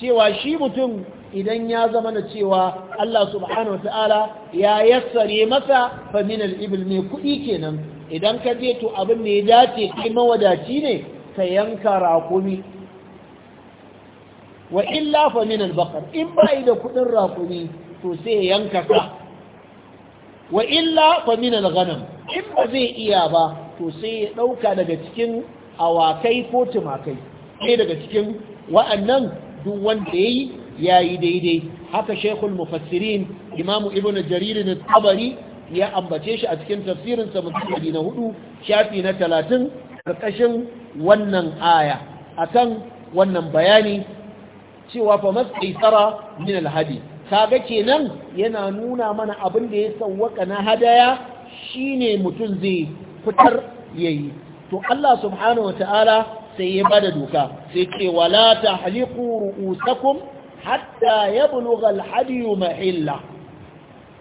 cewa shi mutum idan ya zama na cewa Allah subhanahu wa ta'ala ya yassare masa faminal ibil mai kuɗi kenan idan ka je to abin da ya dace kai mawadaci ne ka yanka raƙumi wa illa fa min al-baqar in bai da kudin raƙumi to sai yanka ka wa illa fa min al-ghanam in ba zai iya ba to sai ya dauka daga cikin awakai ko tumakai sai daga cikin wa'annan duk wanda yayi yayi daidai haka shaykhul mufassirin imam ibn jarir al-tabari ya ambace shi a cikin tafsirin sa na hudu shafi na 30 ƙarƙashin wannan aya akan wannan bayani cewa fa mastaisara min alhadi kaga kenan yana nuna mana abin da ya sawwaka na hadaya shine mutum zai fitar yayi to Allah subhanahu wataala sai ya bada doka sai ce wala tahliqu ru'usakum hatta yablugha alhadi mahilla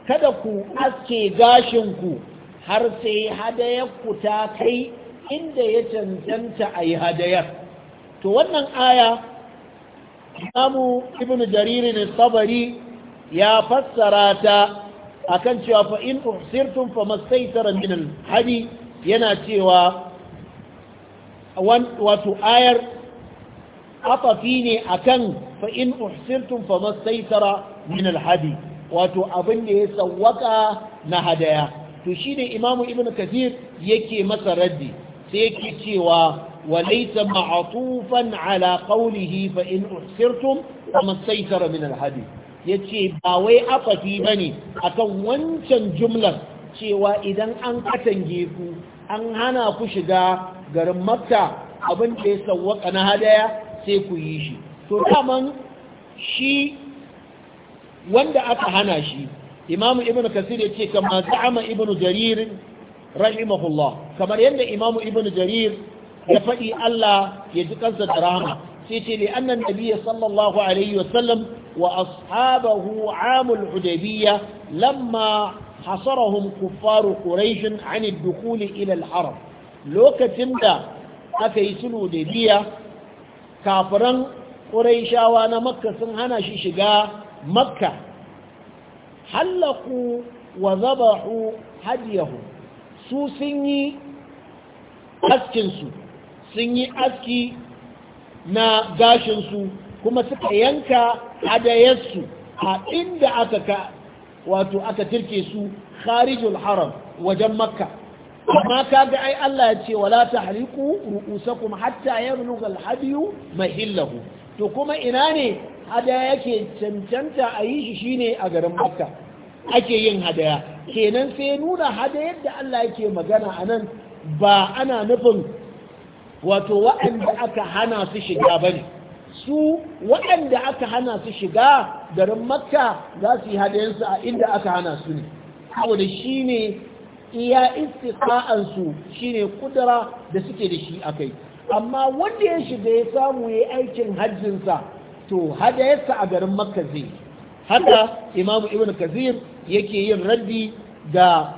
kada ku aske gashin ku har sai hadayar ku ta kai inda ya cancanta a yi hadayar to wannan aya imamu ibn jaririn sabari ya fassara ta kan cewa fa'in in uhsirtum fa mastaitara hadi yana cewa wato ayar afafi ne akan fa in uhsirtum fa mastaitara min hadi wato abin da ya sawwaka na hadaya to shine imamu ibn kathir yake masa raddi sai yake cewa walaysa ma'atufan ala qawlihi fa in uhsirtum kama saytara min al yace ba wai afafi bane akan wancan jumlar cewa idan an katange ku an hana ku shiga garin makka abin da ya sawwaka na hadaya sai ku yi shi to daman shi wanda aka hana shi imamu ibn kasir yace kama za'ama ibn jarir rahimahullah kamar yadda imamu ibn jarir ya faɗi Allah ya ji kansa da rahama sai ce li annan sallallahu alaihi wa sallam wa ashabahu amul hudaybiyya lamma hasarahum kuffaru quraish an ad-dukhul ila al-haram lokacin da aka yi sulhu da biya kafiran quraishawa na makka sun hana shi shiga makka hallaku wa zabahu hadiyahu su sun yi askinsu sun yi aski na gashinsu kuma suka yanka hadayarsu a inda aka ka wato aka tirke su kharijul haram wajen makka amma kaga ai Allah ya ce wala tahliqu ru'usakum hatta yablugha al-hadyu mahillahu to kuma ina ne hadaya yake cancanta a yi shi shine a garin makka ake yin hadaya kenan sai nuna hadayar da Allah yake magana anan ba ana nufin wato waɗanda aka hana su shiga ba ne su waɗanda aka hana su shiga garin makka za su yi hadayensu a inda aka hana su ne saboda shi ne iya istiqa'ansu shi ne kudura da suke da shi a kai amma wanda ya shiga ya samu ya aikin hajjinsa to hadayarsa a garin makka zai haka imamu ibn kazir yake yin raddi ga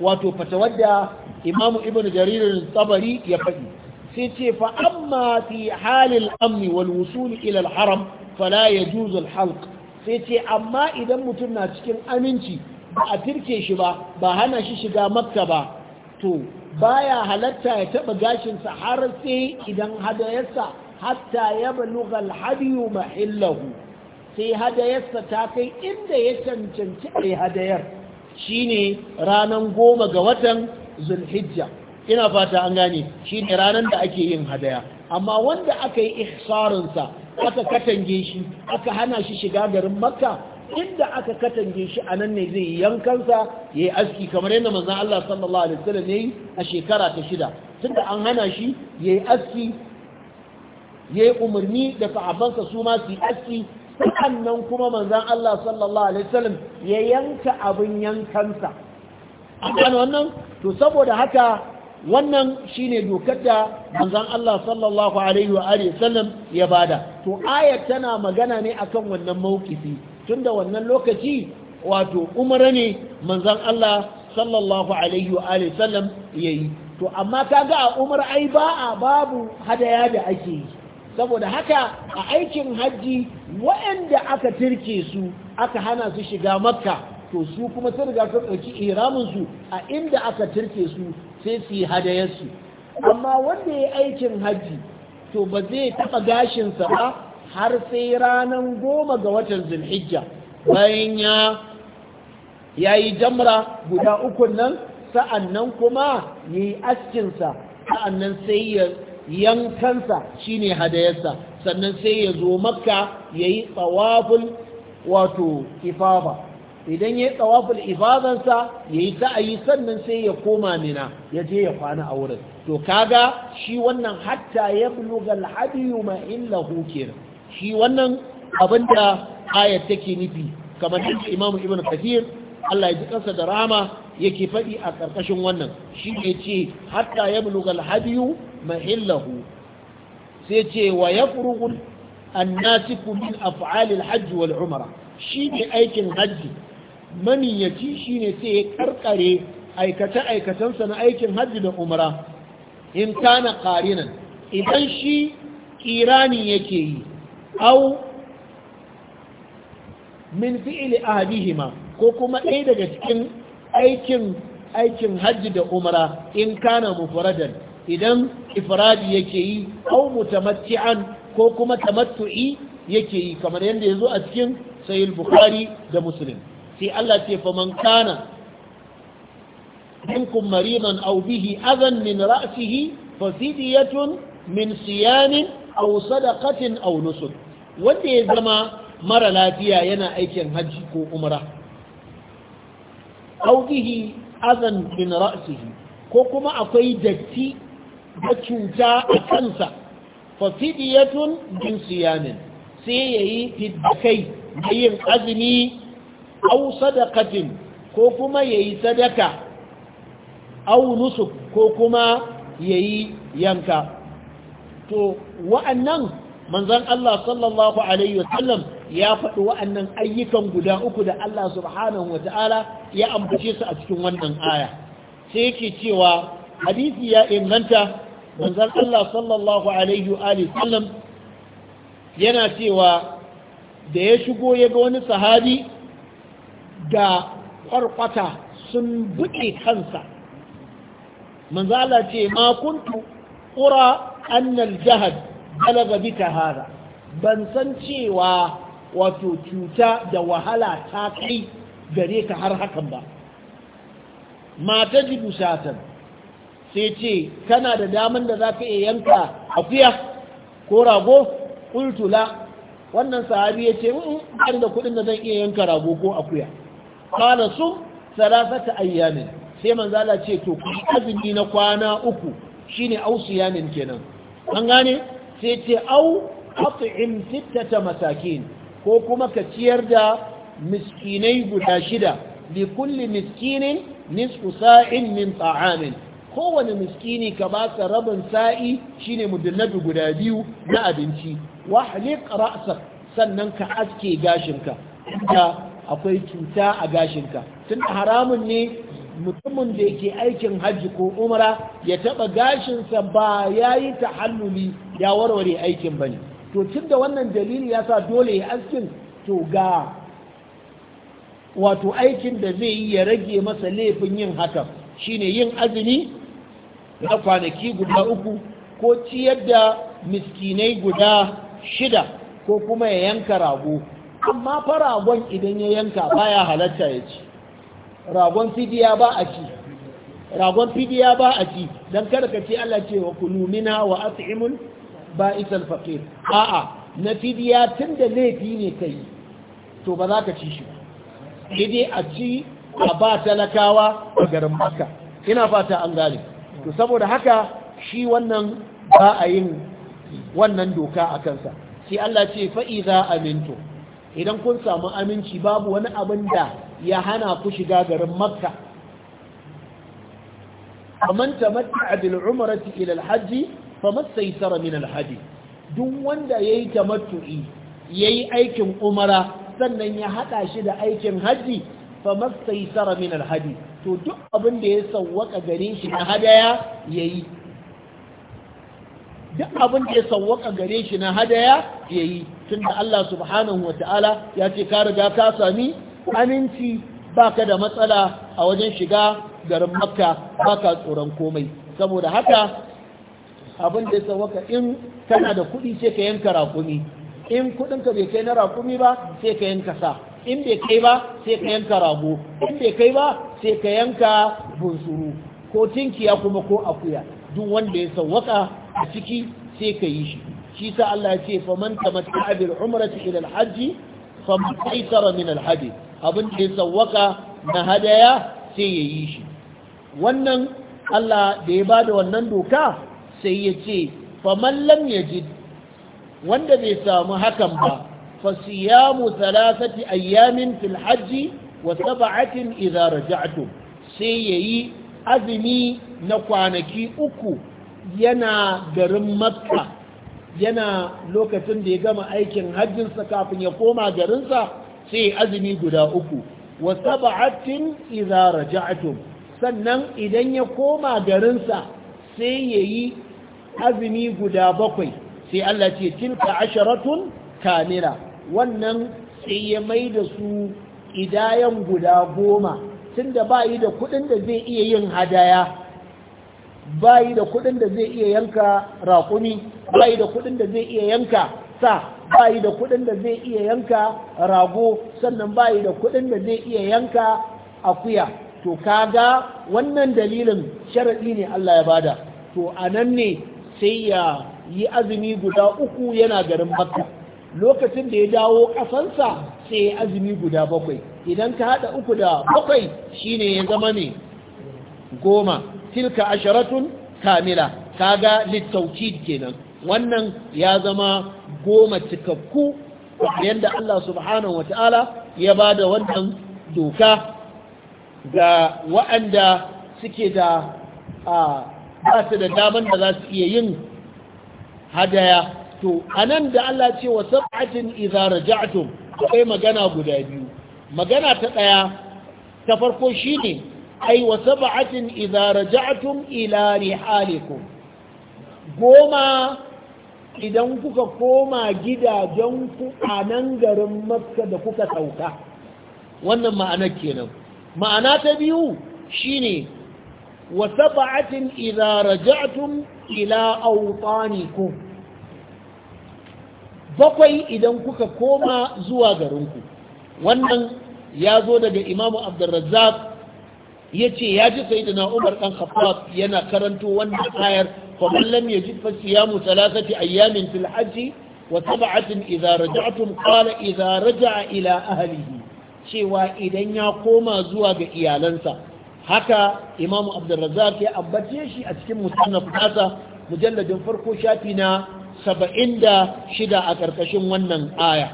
wato fata da imamu ibn jaririn tsabari ya faɗi sai ce fa amma fi halin amni wal wusuli ila haram fala ya al halk. sai ce amma idan mutum na cikin aminci ba a tirke shi ba ba hana shi shiga makka ba to baya halatta ya taba gashinsa har sai idan hadayarsa hatta ya balugha al mahillahu sai hadayarsa ta kai inda ya cancanci ai hadayar shine ranan goma ga watan zulhijja ina fata an gane shine ranar da ake yin hadaya amma wanda aka yi ihsarinsa aka katange shi aka hana shi shiga garin makka inda aka katange shi a nan ne zai yankansa ya yi aski kamar yadda manzan Allah sallallahu Alaihi wasallam ya yi a shekara ta shida tunda an hana shi ya yi aski ya yi umarni da sahabansa su ma su yi aski nan kuma manzan Allah sallallahu alaihi wasallam ya yanka abin yankansa an wannan to saboda haka wannan shine dokar da manzan Allah sallallahu alaihi wasallam ya bada to ayat tana magana ne akan wannan tun tunda wannan lokaci wato umara ne manzan Allah sallallahu alaihi yayi to amma ga a umar ai ba a babu hadaya da ake yi saboda haka a aikin hajji waɗanda aka tirke su aka hana su shiga makka to su kuma sun riga sun ɗauki su a inda aka tirke su sai su yi hadayensu. amma wanda ya aikin hajji to ba zai taɓa gashinsa ba har sai ranar goma ga watan zulhijja bayan ya ya yi jamra guda ukun nan sa'an nan kuma ya yi askinsa sa'an nan sai ya yankansa shine hadayarsa sannan sai ya zo makka ya yi tsawaful wato ifaba idan ya yi tsawaful ifabansa ya yi sa'ayi sannan sai ya koma mina ya je ya kwana a wurin to kaga shi wannan hatta ya bulugal hadiyu ma illahu kenan shi wannan abinda ayat take nufi kamar da imamu ibn kathir Allah ya ji kansa da rama yake faɗi a ƙarƙashin wannan shi ne ce hatta ya bulugal hadiyu mahillahu sai ce wa yafrughul annasiku min af'alil hajji wal umra shine aikin hajji maniyaci shine sai ya karkare aikace aikacensa na aikin hajji da umra in kana qarinan idan shi kirani yake yi au min fi'li ahadihima ko kuma ɗaya daga cikin aikin aikin hajji da umra in kana mufradan idan ifradi yake yi au mutamatti'an ko kuma tamattu'i yake yi kamar yadda yazo a cikin sahih bukhari da muslim sai Allah ce fa man kana minkum maridan aw bihi adan min ra'sihi fa fidyatun min siyamin aw sadaqatin aw nusuk wanda ya zama mara lafiya yana aikin hajji ko umra aw bihi adan min ra'sihi ko kuma akwai datti da cuta a kansa fa fidiyatun min siyamin sai yayi fiddakai da yin azumi aw sadaqatin ko kuma yayi sadaka aw nusuk ko kuma yayi yanka to wa'annan manzon Allah sallallahu alaihi wasallam ya faɗi wa'annan ayyukan guda uku da Allah subhanahu wa ta'ala ya ambace su a cikin wannan aya sai yake cewa hadisi ya inganta manzan Allah sallallahu alaihi wa sallam yana cewa da ya shigo ya ga wani sahabi da kwarkwata sun buɗe kansa manzan Allah ce ma ƙura annal jihad balaga bita hada ban san cewa wato cuta da wahala ta kai gare ka har hakan ba Mata jibu shatan sai ce kana da daman da za ka iya yanka akuya ko rago ƙultula wannan sahabi ya ce in da kuɗin da zan iya yanka rago ko akuya kala su salasata ayyamin sai manzala ce to ku azumi na kwana uku shine ausiyamin kenan an gane sai ce au at'im sittata masakin ko kuma ka ciyar da miskinai guda shida li kulli miskinin nisfu sa'in min ta'amin kowane miskini ka basa rabin sa'i shine mudullabi guda biyu na abinci wahliq ra'sak sannan ka aske gashinka ka akwai cuta a gashinka tun haramun ne mutumin da yake aikin hajji ko umara ya taba gashinsa ba ya yi tahalluli ya warware aikin bane to tun da wannan dalili ya sa dole ya askin to ga wato aikin da zai yi ya rage masa laifin yin hakan shine yin azumi na kwanaki guda uku ko ciyar da miskinai guda shida ko kuma ya yanka rago amma fa ragon idan ya yanka baya halatta ya ci ragon fidiya ba a ci ragon fidiya ba a ci don kada ka ce Allah ce wa kulu mina wa at'imul ba'isal faqir a'a na fidiya da laifi ne kai to ba za ka ci shi ba a ci a ba talakawa a garin maka ina fata an gane to saboda haka shi wannan ba a yin wannan doka a kansa sai Allah ce fa'iza amintu idan kun samu aminci babu wani abin da ya hana ku shiga garin makka amman tamatta'a bil umrati ila al hajj famastaysara min al duk wanda yayi ya yayi aikin umara sannan ya haɗa shi da aikin hajji? famastaisara min hadi, to duk abin da ya sawwaka gare shi na hadaya yayi duk abin da ya sawwaka gare shi na hadaya yayi tunda Allah subhanahu wataala ya ce ka riga ka sami aminci baka da matsala a wajen shiga garin Makka baka tsoron komai saboda haka abin da ya sawwaka in kana da kuɗi sai ka yanka rakumi in kuɗinka bai kai na rakumi ba sai ka yanka sa in bai kai ba sai ka yanka rago in bai kai ba sai ka yanka bunsuru ko tinkiya kuma ko akuya duk wanda ya sawwaka a ciki sai ka yi shi shi sa Allah ya ce faman tamatta'a bil umrati ila al hajj faman qaisara min al hadi abin da ya sawwaka na hadaya sai ya yi shi wannan Allah da ya bada wannan doka sai ya ce faman lam yajid wanda bai samu hakan ba فصيام ثلاثة أيام في الحج وسبعة إذا رجعتم سيئي أذني نقوانكي أكو ينا قرم مكة yana lokacin da ya gama aikin hajjinsa kafin ya koma garinsa sai azumi guda uku wa sab'atin idza raja'tum sannan idan ya koma garinsa sai yayi azumi guda bakwai sai Allah ce tilka asharatun kamira. wannan sai ya mai da su idayan guda goma tun da ba yi da kudin da zai iya yin hadaya ba yi da kudin da zai iya yanka raƙumi ba yi da kudin da zai iya yanka sa ba yi da kudin da zai iya yanka rago sannan ba yi da kudin da zai iya yanka akuya to kaga wannan dalilin sharaɗi ne Allah ya bada to anan ne sai ya yi azumi guda uku yana garin makka lokacin da ya dawo ƙasansa sai ya azumi guda bakwai idan ka haɗa uku da bakwai shine ya zama ne goma tilka asharatun kamila kaga littaukid kenan wannan ya zama goma cikakku yadda Allah subhanahu wata'ala ya ba da wannan doka ga waɗanda suke da ba su da daman da za su iya yin hadaya to nan da Allah ce wa sab'atin idza raja'tum akwai magana guda biyu magana ta daya ta farko shine ai wa sab'atin idza raja'tum ila rihalikum goma idan kuka koma gidajenku a nan garin makka da kuka sauka wannan ma'ana kenan ma'ana ta biyu shine wa sab'atin idza raja'tum ila awtanikum bakwai idan kuka koma zuwa garinku wannan ya zo daga imamu abdurrazzaq ya ce ya ji sai na umar ɗan khattab yana karanto wannan ayar faman lam ji fasiya mu thalathati ayyamin fil hajji wa sab'atin idza raja'tum qala idza raja'a ila ahlihi cewa idan ya koma zuwa ga iyalansa haka imamu abdurrazzaq ya ambace shi a cikin musannaf nasa mujalladin farko shafi na saba'in da shida a ƙarƙashin wannan aya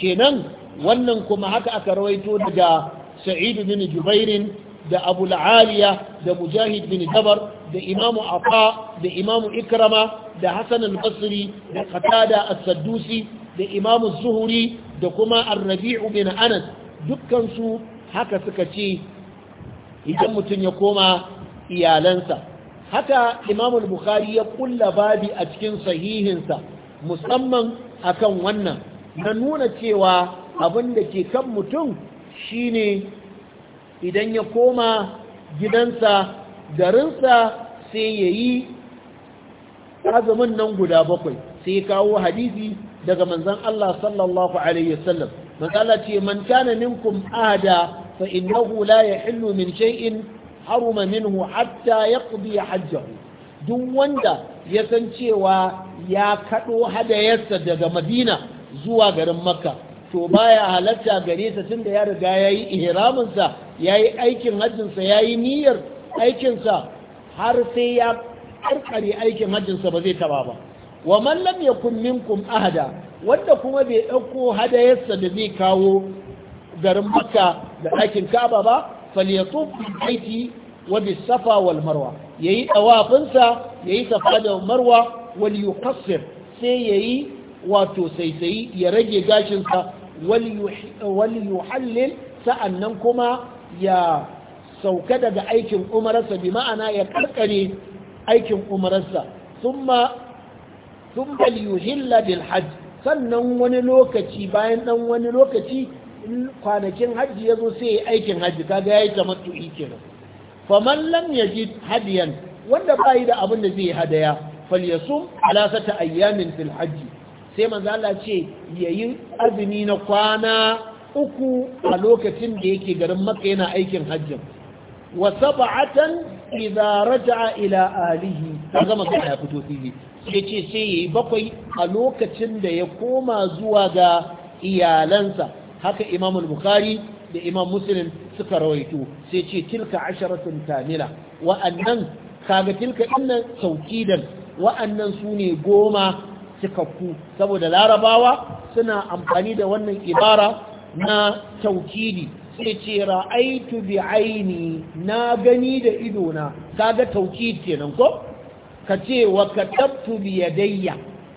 kenan wannan kuma haka aka rawaito daga sa'idu bin jubairin da abu la'aliya da mujahid bin jabar da imamu afa da imamu ikrama da hassan al-basri da qatada as-saddusi da imamu zuhuri da kuma ar-rabi'u bin anas dukkan su haka suka ce idan mutum ya koma iyalansa haka Imamul bukhari ya kulla babi a cikin sahihinsa musamman akan wannan na nuna cewa abin da ke kan mutum shine idan ya koma gidansa garinsa sai ya yi azumin nan guda bakwai sai ya kawo hadisi daga manzan Allah sallallahu alaihi wasallam ce man kana minkum ahada fa innahu la yahillu min shay'in haruma minhu hatta ya hajjahu duk wanda ya san cewa ya kaɗo hadayarsa daga Madina zuwa garin Makka to baya halatta gare sa tunda ya riga yayi ihramin ya yayi aikin hajjin ya yayi niyyar aikinsa, har sai ya karkare aikin hajjinsa ba zai taba ba wa man lam yakun minkum ahada wanda kuma bai ɗauko hadayarsa da zai kawo garin Makka da ɗakin Ka'aba ba falyatuf bil baiti wa bis safa wal marwa yayi tawafinsa yayi safa da marwa wal yuqassir sai yayi wato saisayi ya rage gashin sa wal yuhallil sa'annan kuma ya sauka daga aikin umararsa bi ma'ana ya karkare aikin umararsa thumma thumma yuhilla bil hajj sannan wani lokaci bayan dan wani lokaci in kwanakin hajji ya zo sai ya aikin hajji kaga ya yi tamattu'i kenan faman lam yajid hadiyan wanda ba yi da abin da zai yi hadaya falyasum ala sata ayyamin fil hajji sai manzo Allah ce yayi azumi na kwana uku a lokacin da yake garin Makka yana aikin hajjin wa sab'atan idza raja'a ila alihi kaga magana ya fito fili sai ce sai yayi bakwai a lokacin da ya koma zuwa ga iyalansa haka imam al-bukhari da imam muslim suka rawaito sai ce tilka asharatun kamila wa'annan kaga tilka innan saukidan wa'annan su ne goma cikakku saboda larabawa suna amfani da wannan ibara na taukidi sai ce ra'aitu bi aini na gani da idona kaga taukid kenan ko ka ce wa katabtu bi yadayya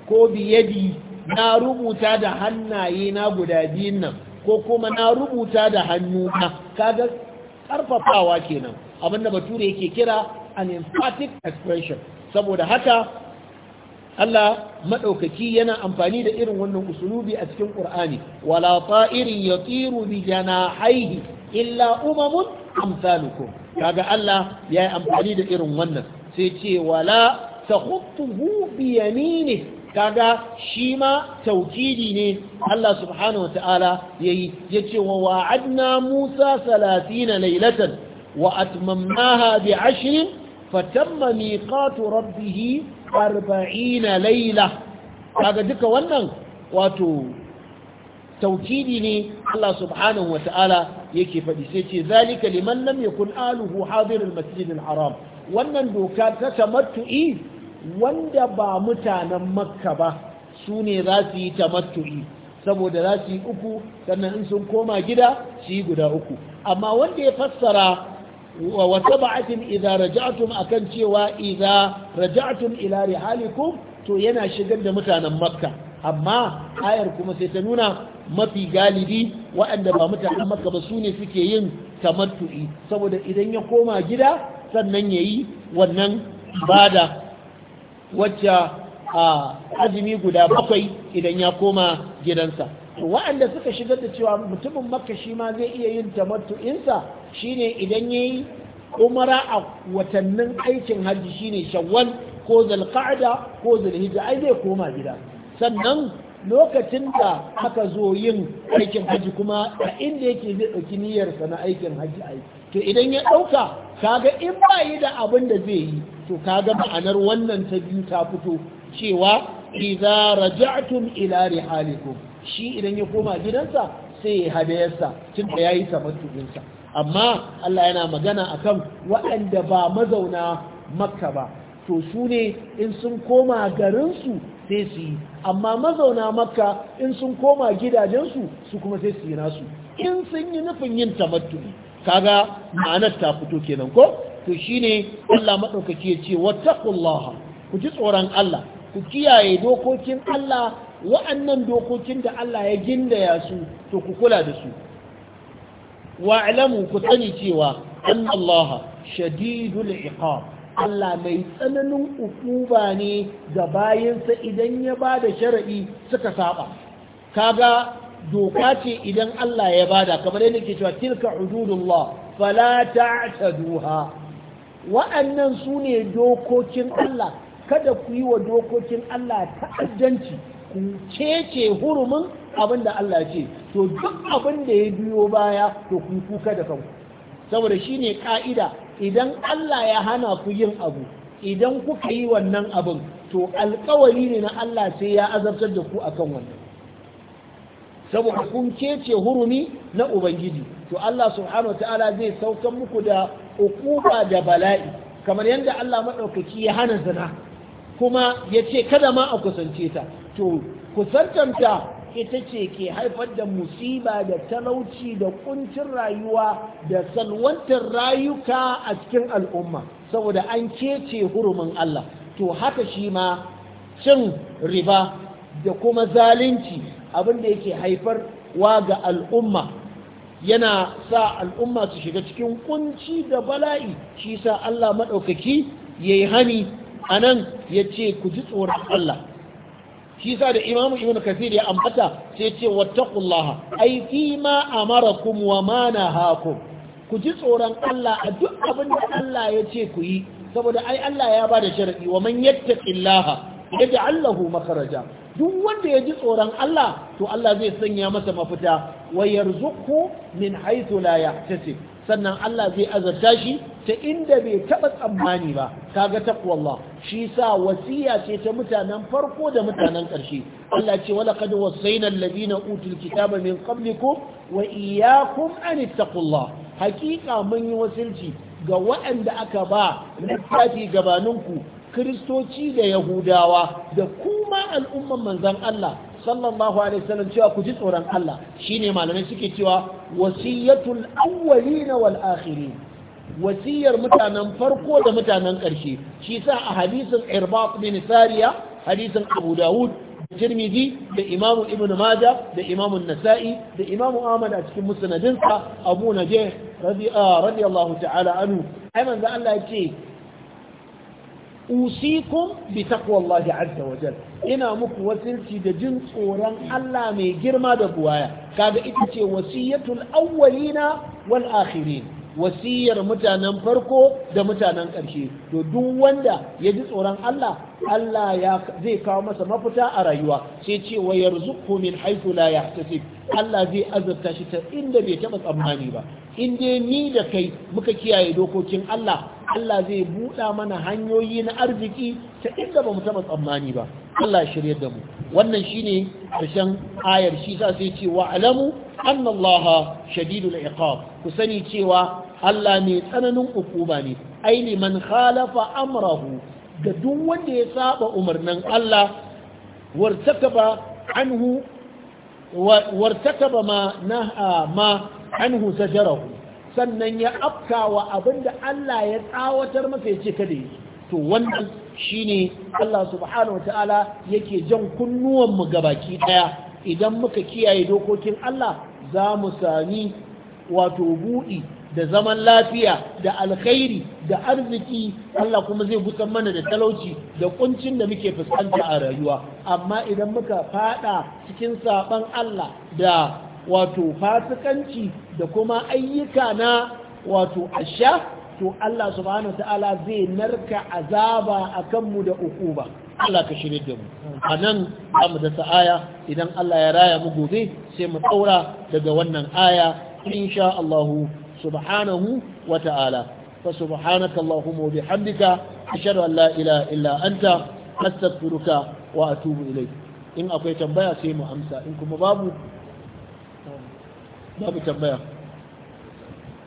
ko bi yadi na rubuta da hannaye na guda biyun nan ko kuma na rubuta da hannuna kaga karfafawa kenan abinda bature yake kira an emphatic expression saboda haka Allah madaukaki yana amfani da irin wannan usulubi a cikin Qur'ani wala ta'irin yatiru bi janahihi illa umamun amsalukum kaga Allah yayi amfani da irin wannan sai ce wala takhuttuhu bi yaminihi kaga shi ma taukidi ne Allah subhanahu wata'ala yayi yace wa wa'adna Musa 30 laylatan wa atmamnaha bi 10 fatamma miqatu rabbih 40 layla kaga duka wannan wato taukidi ne Allah subhanahu wata'ala yake faɗi sai ce zalika liman lam yakun aluhu hadirul masjidil haram wannan doka ta tamattu'i wanda ba mutanen makka ba su ne za su yi tamattu'i saboda za su yi uku sannan in sun koma gida su yi guda uku amma wanda ya fassara wa wata ba'atin idza raja'tum akan cewa idza raja'tum ila rihalikum to yana shigar da mutanen makka amma ayar kuma sai ta nuna mafi galibi waɗanda ba mutanen makka ba su ne suke yin tamattu'i saboda idan ya koma gida sannan ya yi wannan bada wacce azumi guda bakwai idan ya koma gidansa wa'anda suka shigar da cewa mutumin makka shi ma zai iya yin tamattu'insa shine idan ya yi umara a watannin aikin hajji shine shawwal ko zalqa'da ko zulhijja ai zai koma gida sannan lokacin da aka zo yin aikin hajji kuma a inda yake zai ɗauki niyyarsa na aikin hajji ai to idan ya ɗauka kaga in ba yi da abin da zai yi to kaga ma'anar wannan ta biyu ta fito cewa idza raja'tum ila rihalikum shi idan ya koma gidansa sai ya hadayarsa tun da yayi tamattu'in sa amma Allah yana magana akan waɗanda ba mazauna Makka ba to su ne in sun koma garin su sai su yi amma mazauna Makka in sun koma gidajensu su kuma sai su yi nasu in sun yi nufin yin tamattu'i kaga ma'anar ta fito kenan ko to shine Allah madaukaki ya ce wattaqullaha ku ji tsoron Allah ku kiyaye dokokin Allah wa'annan dokokin da Allah ya gindaya su to ku kula da su wa'lamu ku sani cewa annallaha shadidul iqab Allah mai tsananin ukuba ne ga bayansa idan ya ba da sharaɗi suka saba kaga doka ce idan Allah ya bada kamar yadda ke cewa tilka hududullah fala ta'taduha wa'annan su ne dokokin Allah kada ku yi wa dokokin Allah ta'addanci ku cece hurumin abin da Allah ce to duk abin da ya biyo baya to ku kuka da kanku saboda shine ka'ida idan Allah ya hana ku yin abu idan kuka yi wannan abin to alkawari ne na Allah sai ya azabtar da ku akan wannan saboda kun kece hurumi na ubangiji to Allah subhanahu ta'ala zai saukan muku da ukuba da bala'i kamar yadda Allah maɗaukaki ya hana zina kuma ya ce kada ma a kusance ta to kusantanta ita ce ke haifar da musiba da talauci da kuncin rayuwa da salwantar rayuka a cikin al'umma saboda an kece hurumin Allah to haka shi ma cin riba da kuma zalunci abin da yake haifar wa ga al'umma yana sa al'umma su shiga cikin kunci da bala'i shi sa Allah maɗaukaki ya yi hani a nan ya ce ku ji tsoron Allah shi sa da imamu ibn kafir ya ambata sai ce wattaqullaha ai fi ma amarakum wa ma nahakum ku ji tsoron Allah a duk abin da Allah ya ce ku yi saboda ai Allah ya bada sharadi wa man yattaqillaha yaj'al lahu makhraja duk wanda ya ji tsoron Allah to Allah zai sanya masa mafita wa yarzuqhu min haythu la yahtasib sannan Allah zai azarta shi ta inda bai taba tsammani ba kaga taqwallah shi sa wasiya ce ta mutanen farko da mutanen ƙarshe Allah ce wala qad wasayna alladhina utul kitaba min qablikum wa iyyakum an taqullah hakika mun yi wasilci ga waɗanda aka ba littafi gabaninku kiristoci da yahudawa da kuma al'umman manzan Allah sallallahu alaihi wasallam cewa ku ji tsoron Allah shine malamai suke cewa wasiyatul awwalin wal akhirin wasiyar mutanen farko da mutanen ƙarshe shi sa a hadisin irbat bin sariya hadisin abu dawud tirmidhi da imamu ibn maja da imamu nasa'i da imamu ahmad a cikin musnadinsa abu najih ah, radiyallahu ta'ala anhu ai manzo Allah ce. usikum bi taqwallahi azza wa jal ina muku wasilci da jin tsoron Allah mai girma da buwaya kaga ita ce wasiyatul awwalina wal akhirin wasiyar mutanen farko da mutanen ƙarshe to duk wanda ya ji tsoron Allah Allah ya zai kawo masa mafita a rayuwa sai ce wa yarzuqhu min haythu la yahtasib Allah zai azurta shi ta inda bai taba tsammani ba in dai ni da kai muka kiyaye dokokin Allah Allah zai buɗa mana hanyoyi na arziki ta inda ba mu tsammani ba Allah shirye da mu wannan shine karshen ayar shi sa sai ce wa alamu anna Allah shadidul iqab ku sani cewa Allah ne tsananin ukuba ne ai liman khalafa amrahu ga duk wanda ya saba umarnin Allah wartakaba anhu wartakaba ma naha ma anhu sajarahu sannan ya afkawa abinda Allah ya tsawatar masa ya ce kada to wannan shine Allah subhanahu wataala yake jan kunnuwan mu gabaki daya idan muka kiyaye dokokin Allah za mu sami wato buɗi da zaman lafiya da alkhairi da arziki Allah kuma zai gusan mana da talauci da kuncin da muke fuskanta a rayuwa amma idan muka fada cikin saban Allah da wato fasikanci da kuma ayyuka na wato asha to Allah subhanahu wa ta'ala zai narka azaba akan mu da ukuba Allah ka shirye da mu a nan mu da aya idan Allah ya raya mu gobe sai mu tsaura daga wannan aya in insha Allah subhanahu wa ta'ala fa subhanaka allahumma wa bihamdika ashhadu an la ilaha illa anta astaghfiruka wa atubu ilayk in akwai tambaya sai mu amsa in kuma babu babu tambaya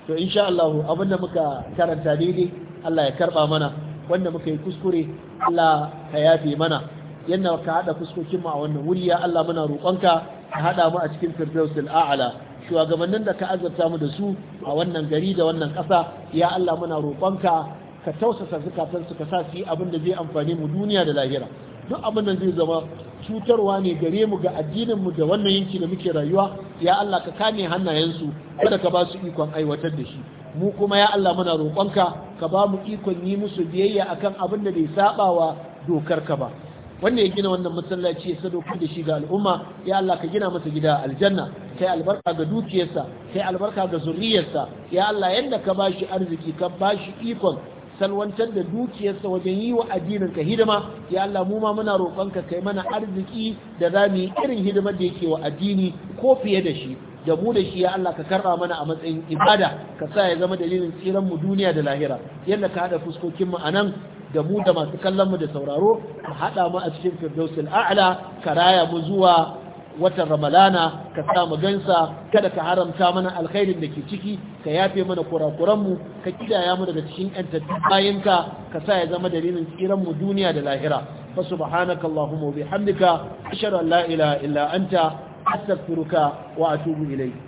to insha Allah abinda muka karanta daidai Allah ya karba mana wanda muka yi kuskure Allah ka yafe mana yadda ka haɗa fuskokin mu a wannan wuri ya Allah muna roƙonka ka haɗa mu a cikin firdausul a'ala shugabannin da ka azabta mu da su a wannan gari da wannan ƙasa ya Allah muna roƙonka ka tausasa zakatan su ka sa su yi abin da zai amfani mu duniya da lahira duk abin da zai zama cutarwa ne gare mu ga addinin mu da wannan yanki da muke rayuwa ya Allah ka kame hannayensu kada ka ba su ikon aiwatar da shi mu kuma ya Allah muna roƙonka ka ba mu ikon yi musu biyayya akan abin da bai saba wa dokar ka ba wanda ya gina wannan masallaci ya sadaukar da shi ga al'umma ya Allah ka gina masa gida aljanna kai albarka ga dukiyarsa kai albarka ga zuriyarsa ya Allah yanda ka bashi arziki ka bashi ikon salwantar da dukiyarsa wajen yi wa addinin ka hidima ya Allah mu ma muna ka kai mana arziki da za mu yi irin hidimar da yake wa addini ko fiye da shi da mu da shi ya Allah ka karba mana a matsayin ibada ka sa ya zama dalilin tsiran mu duniya da lahira yadda ka hada fuskokin mu anan da mu da masu kallon mu da sauraro ka haɗa mu a cikin firdausul a'la ka raya mu zuwa watan ramalana ka sa mu gansa kada ka haramta mana alkhairin da ke ciki ka yafe mana kurakuranmu ka kidaya mu daga cikin yantattun bayan ka sa ya zama dalilin tsiran mu duniya da lahira fa subhanaka allahumma wa bihamdika ashhadu an la ilaha illa anta astaghfiruka wa atubu ilayk